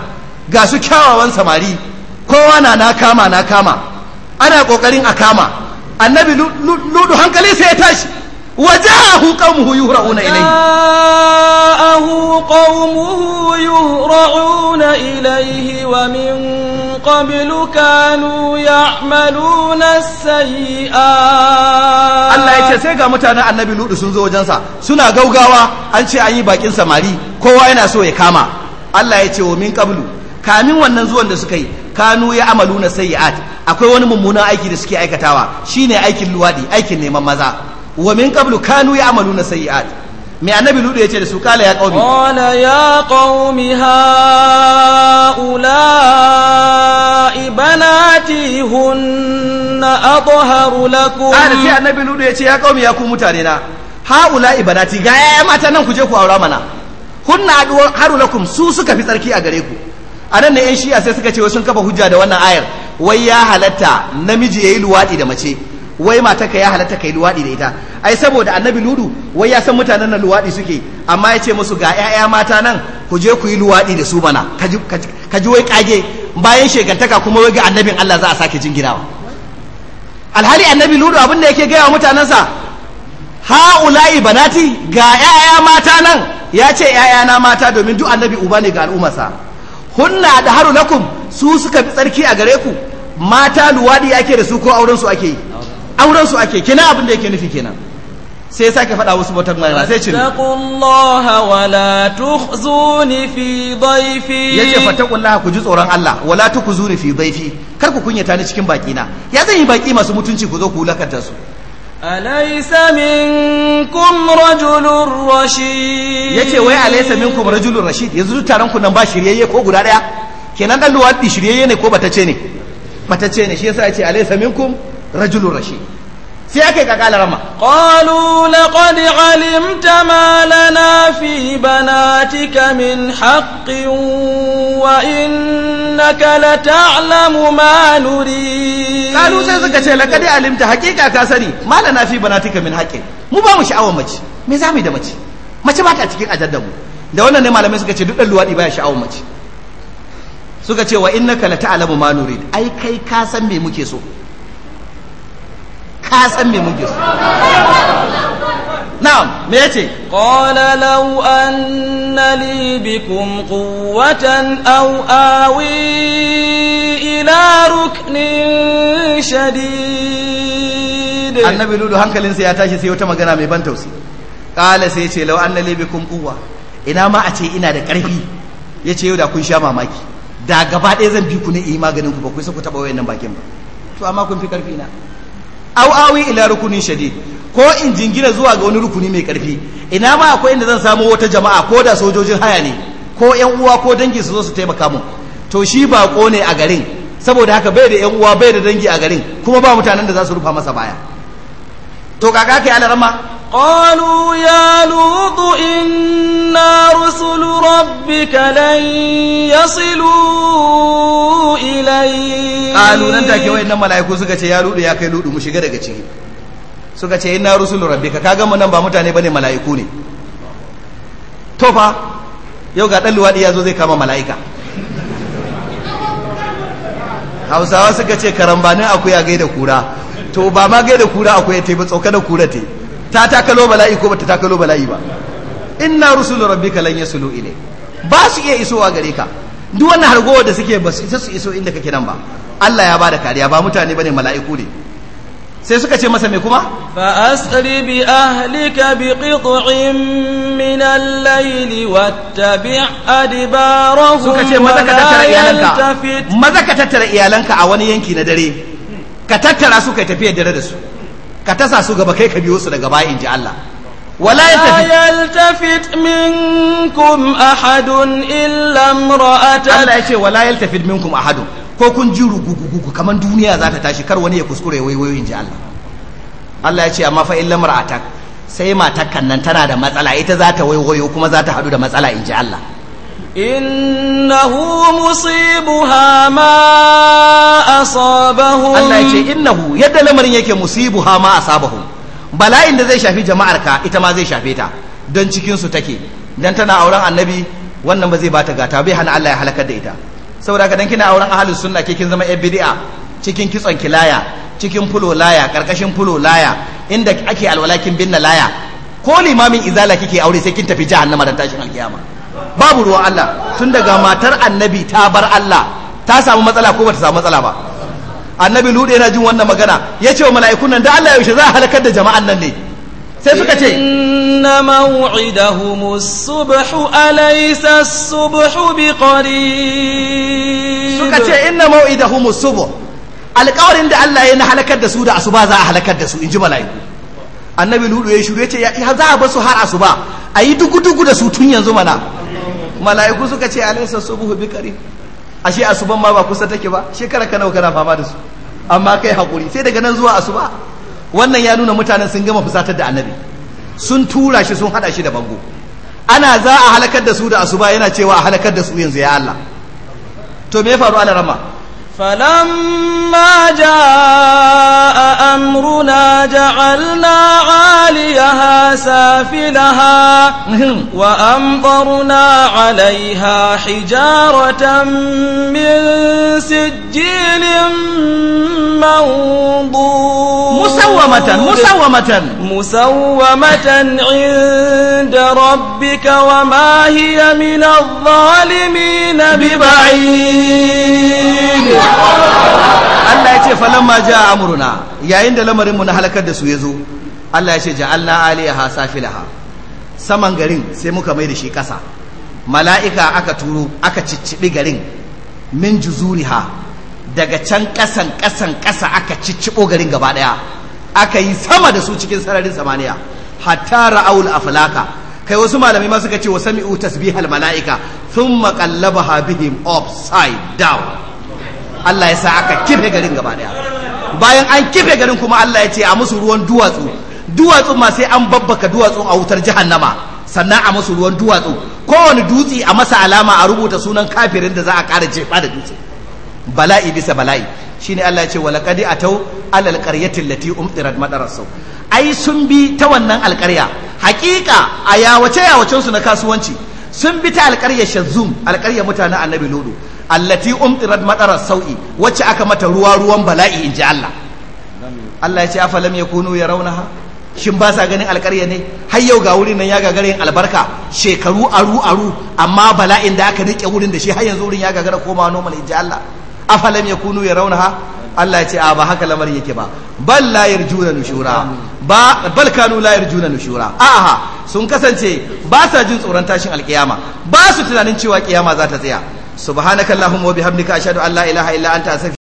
B: ga su kyawawan samari kowa na na kama na kama ana kokarin a kama annabi ludu hankali sai ya tashi وجاءه قومه يهرعون إليه جاءه
A: قومه wa min ومن kanu كانوا يعملون السيئات
B: Allah ya ce sai ga mutanen annabi Ludu sun zo wajensa suna gaugawa an ce an yi bakin samari kowa yana so ya kama Allah ya ce wa min qablu kamin wannan zuwan da suka yi kanu ya amalu na sayi'at akwai wani mummunan aiki da suke aikatawa shine aikin luwadi aikin neman maza wa min qablu kanu ya amalu na sayi'at mai annabi ludu ya ce da su kala ya qaumi qala ya qaumi haula'i banati hunna adharu lakum ana sai annabi ludu ya ce ya qaumi ya ku mutane na haula'i banati ga ya mata nan ku je ku aura mana hunna adharu lakum su suka fi tsarki a gare ku a nan 'yan shi'a sai suka ce sun kafa hujja da wannan ayar wai ya halatta namiji ya yi luwaɗi da mace wai mata ka ya halatta ka yi luwaɗi da ita ai saboda annabi ludu wai ya san mutanen nan luwaɗi suke amma ya ce musu ga 'ya'ya mata nan ku je ku yi luwaɗi da su mana ka ji wai kage bayan shekantaka kuma wai ga annabin allah za a sake jinginawa alhali annabi ludu abin da yake gaya wa mutanensa ha'ula'i banati ga 'ya'ya mata nan ya ce 'ya'yana mata domin duk annabi uba ne ga al'ummarsa hunna da haru lakum su suka fi tsarki a gare ku mata luwadi ake da su ko auren su ake auren su ake kina abin da yake nufi kenan sai ya sake faɗa wasu wata magana sai ce taqullaha wala tukhzuni fi dayfi yace taqullaha ku ji tsoron Allah wala tukhzuni fi dayfi kar ku kunyata ni cikin baki na ya zan yi baki masu mutunci ku zo ku lakanta su
A: alaysa minkum rajulur rashid.
B: yace wai alaysa minkum rajulun rashid yanzu taron ku nan ba shiryayye ko guda daya kenan dan luwadi shiryayye ne ko batace ne batace ne shi yasa yace alaysa minkum rajulun rashid sai aka yi kakala rama qalu laqad alimta ma lana fi
A: banatika min haƙƙin wa in innaka lata'lamu
B: ma nuri qalu sai suka ce laqad alimta haqiqa ka sani ma lana fi banatika min haqqin mu ba mu sha'awar mace me za mu yi da mace mace ba ta cikin ajaddan mu da wannan ne malamai suka ce duk dan ba ya sha'awar mace suka ce wa in na innaka lata'lamu ma nuri ai kai ka san me muke so ka san me muke so na'am me yace qala law anna
A: li bikum quwwatan aw awi
B: ila ruknin shadid annabi lulu hankalinsa ya tashi sai wata magana mai ban tausi qala sai yace law anna li bikum quwwa ina ma a ce ina da karfi yace yau da kun sha mamaki da gaba ɗaya zan bi ku ne yi maganin ku ba ku sa ku taɓa wayannan bakin ba to amma kun fi karfi na au awi ila rukuni shadid ko in jingina zuwa ga wani rukuni mai karfi ina ma akwai inda zan samu wata jama'a ko da sojojin haya ne ko yan uwa ko dangi su zo su taimaka mu to shi bako ne a garin saboda haka bai da yan uwa bai da dangi a garin kuma ba mutanen da za su rufa masa baya to kaka kai alarama قالوا يا لوط إنا رسل ربك لن
A: يصلوا
B: إليك قالوا nan take wayannan mala'iku suka ce ya ludu ya kai ludu mu shiga daga ciki suka ce inna rusulu rabbika kaga mu nan ba mutane bane mala'iku ne to fa yau ga dan luwadi yazo zai kama mala'ika Hausawa suka ce karambanin akuya gaida kura to ba ma gaida kura akuya te ba tsoka da kura te ta takalo bala'i ko bata takalo bala'i ba inna rusulu rabbika lan yasulu ilay ba su iya isowa gare ka duk wannan hargowar da suke ba su su iso inda kake nan ba Allah ya bada kariya ba mutane bane mala'iku ne sai suka ce masa me kuma
A: asri bi ahlika bi qit'in min al-layli wattabi'
B: adbarahum suka ce maza ka tattara iyalanka maza ka tattara iyalanka a wani yanki na dare ka tattara su kai tafiyar dare da su ka tasa su gaba kai ka biyo su daga baya in ji Allah wala
A: yaltafit minkum
B: ahadun illa imra'atan Allah yace wala yaltafit minkum ahadun ko kun ji rugugugu kaman duniya za ta tashi kar wani ya kuskure wai in ji Allah Allah ya amma fa illa mar'atak sai matakan nan tana da matsala ita za ta waiwayo kuma za ta hadu da matsala inji Allah إنه مصيبها ما أصابهم الله يجي innahu yadda lamarin yake مصيبها ma أصابهم bala'in da zai shafi jama'ar ka ita ma zai shafe ta don cikinsu take dan tana auren annabi wannan ba zai bata gata bai hana Allah ya halakar da ita saboda ka dan kina auren ahlus sunna ke kin zama yan bid'a cikin kitson kilaya cikin fulo laya karkashin fulo laya inda ake alwalakin binna laya ko limamin izala kike aure sai kin tafi jahannama dan tashin alkiyama babu ruwan Allah tun daga matar annabi ta bar Allah ta samu matsala ko bata samu matsala ba annabi lude yana jin wannan magana ya ce wa mala'ikun nan da Allah yaushe za a halakar da jama'an nan ne sai suka ce
A: inna maw'idahum as-subhu
B: alaysa as-subhu biqarib suka ce inna maw'idahum as-subhu alƙawarin da Allah ya na halakar da su da asuba za a halakar da su inji mala'iku annabi lude ya shiru ya ce ya za a bar su har asuba ayi dugu dugu da su tun yanzu mana mala'iku suka ce alaysa subhu biqari ashe asuban ma ba kusa take ba shekara ka kana fama da su amma kai hakuri sai daga nan zuwa asuba wannan ya nuna mutanen sun gama fusatar da annabi sun tura shi sun hada shi da bango ana za a halakar da su da asuba yana cewa a halakar da su yanzu ya Allah to me ya faru a larama
A: فلما جاء أمرنا جعلنا عاليها سافلها وأمطرنا عليها حجارة من سجيل منضود مسومة مسومة مسومة عند ربك وما هي من الظالمين ببعيد Allah
B: ya ce ji a amuruna yayin da lamarinmu mu na halakar da su ya zo Allah ya ce ja'alna aliyaha safilaha saman garin sai muka mai da shi ƙasa mala'ika aka turo aka ciccibi garin min ha daga can ƙasan ƙasan ƙasa aka ciccibo garin gaba ɗaya aka yi sama da su cikin sararin samaniya hatta ra'aul falaka kai wasu malamai ma suka ce wa sami'u tasbihal mala'ika thumma qallabaha bihim upside down Allah ya sa aka kife garin gaba daya bayan an kife garin kuma Allah ya ce a musu ruwan duwatsu duwatsu ma sai an babbaka duwatsu a wutar jahannama sannan a musu ruwan duwatsu kowane dutse a masa alama a rubuta sunan kafirin da za a ƙara jefa da dutse bala'i bisa bala'i shine Allah ya ce wala qad atau alal qaryati allati umtirat madarasu ai sun bi ta wannan alƙarya hakika a yawace yawacensu na kasuwanci sun bi ta alƙaryar shazzum alƙaryar mutanen annabi lodo allati umtirat madarar sau'i wacce aka mata ruwa ruwan bala'i in ji Allah Allah ya ce afalam yakunu yarawnaha shin ba sa ganin alƙarya ne har yau ga wurin nan ya gagara yin albarka shekaru aru aru amma bala'in da aka rike wurin da shi har yanzu wurin ya gagara koma normal in ji Allah afalam yakunu yarawnaha Allah ya ce a ba haka lamar yake ba bal la yarjuna nushura ba bal kanu la yarjuna nushura aha sun kasance ba sa jin tsoron tashin alkiyama ba su tunanin cewa kiyama za ta tsaya subhanakallahumma wa bihamdika ashhadu an la ilaha illa anta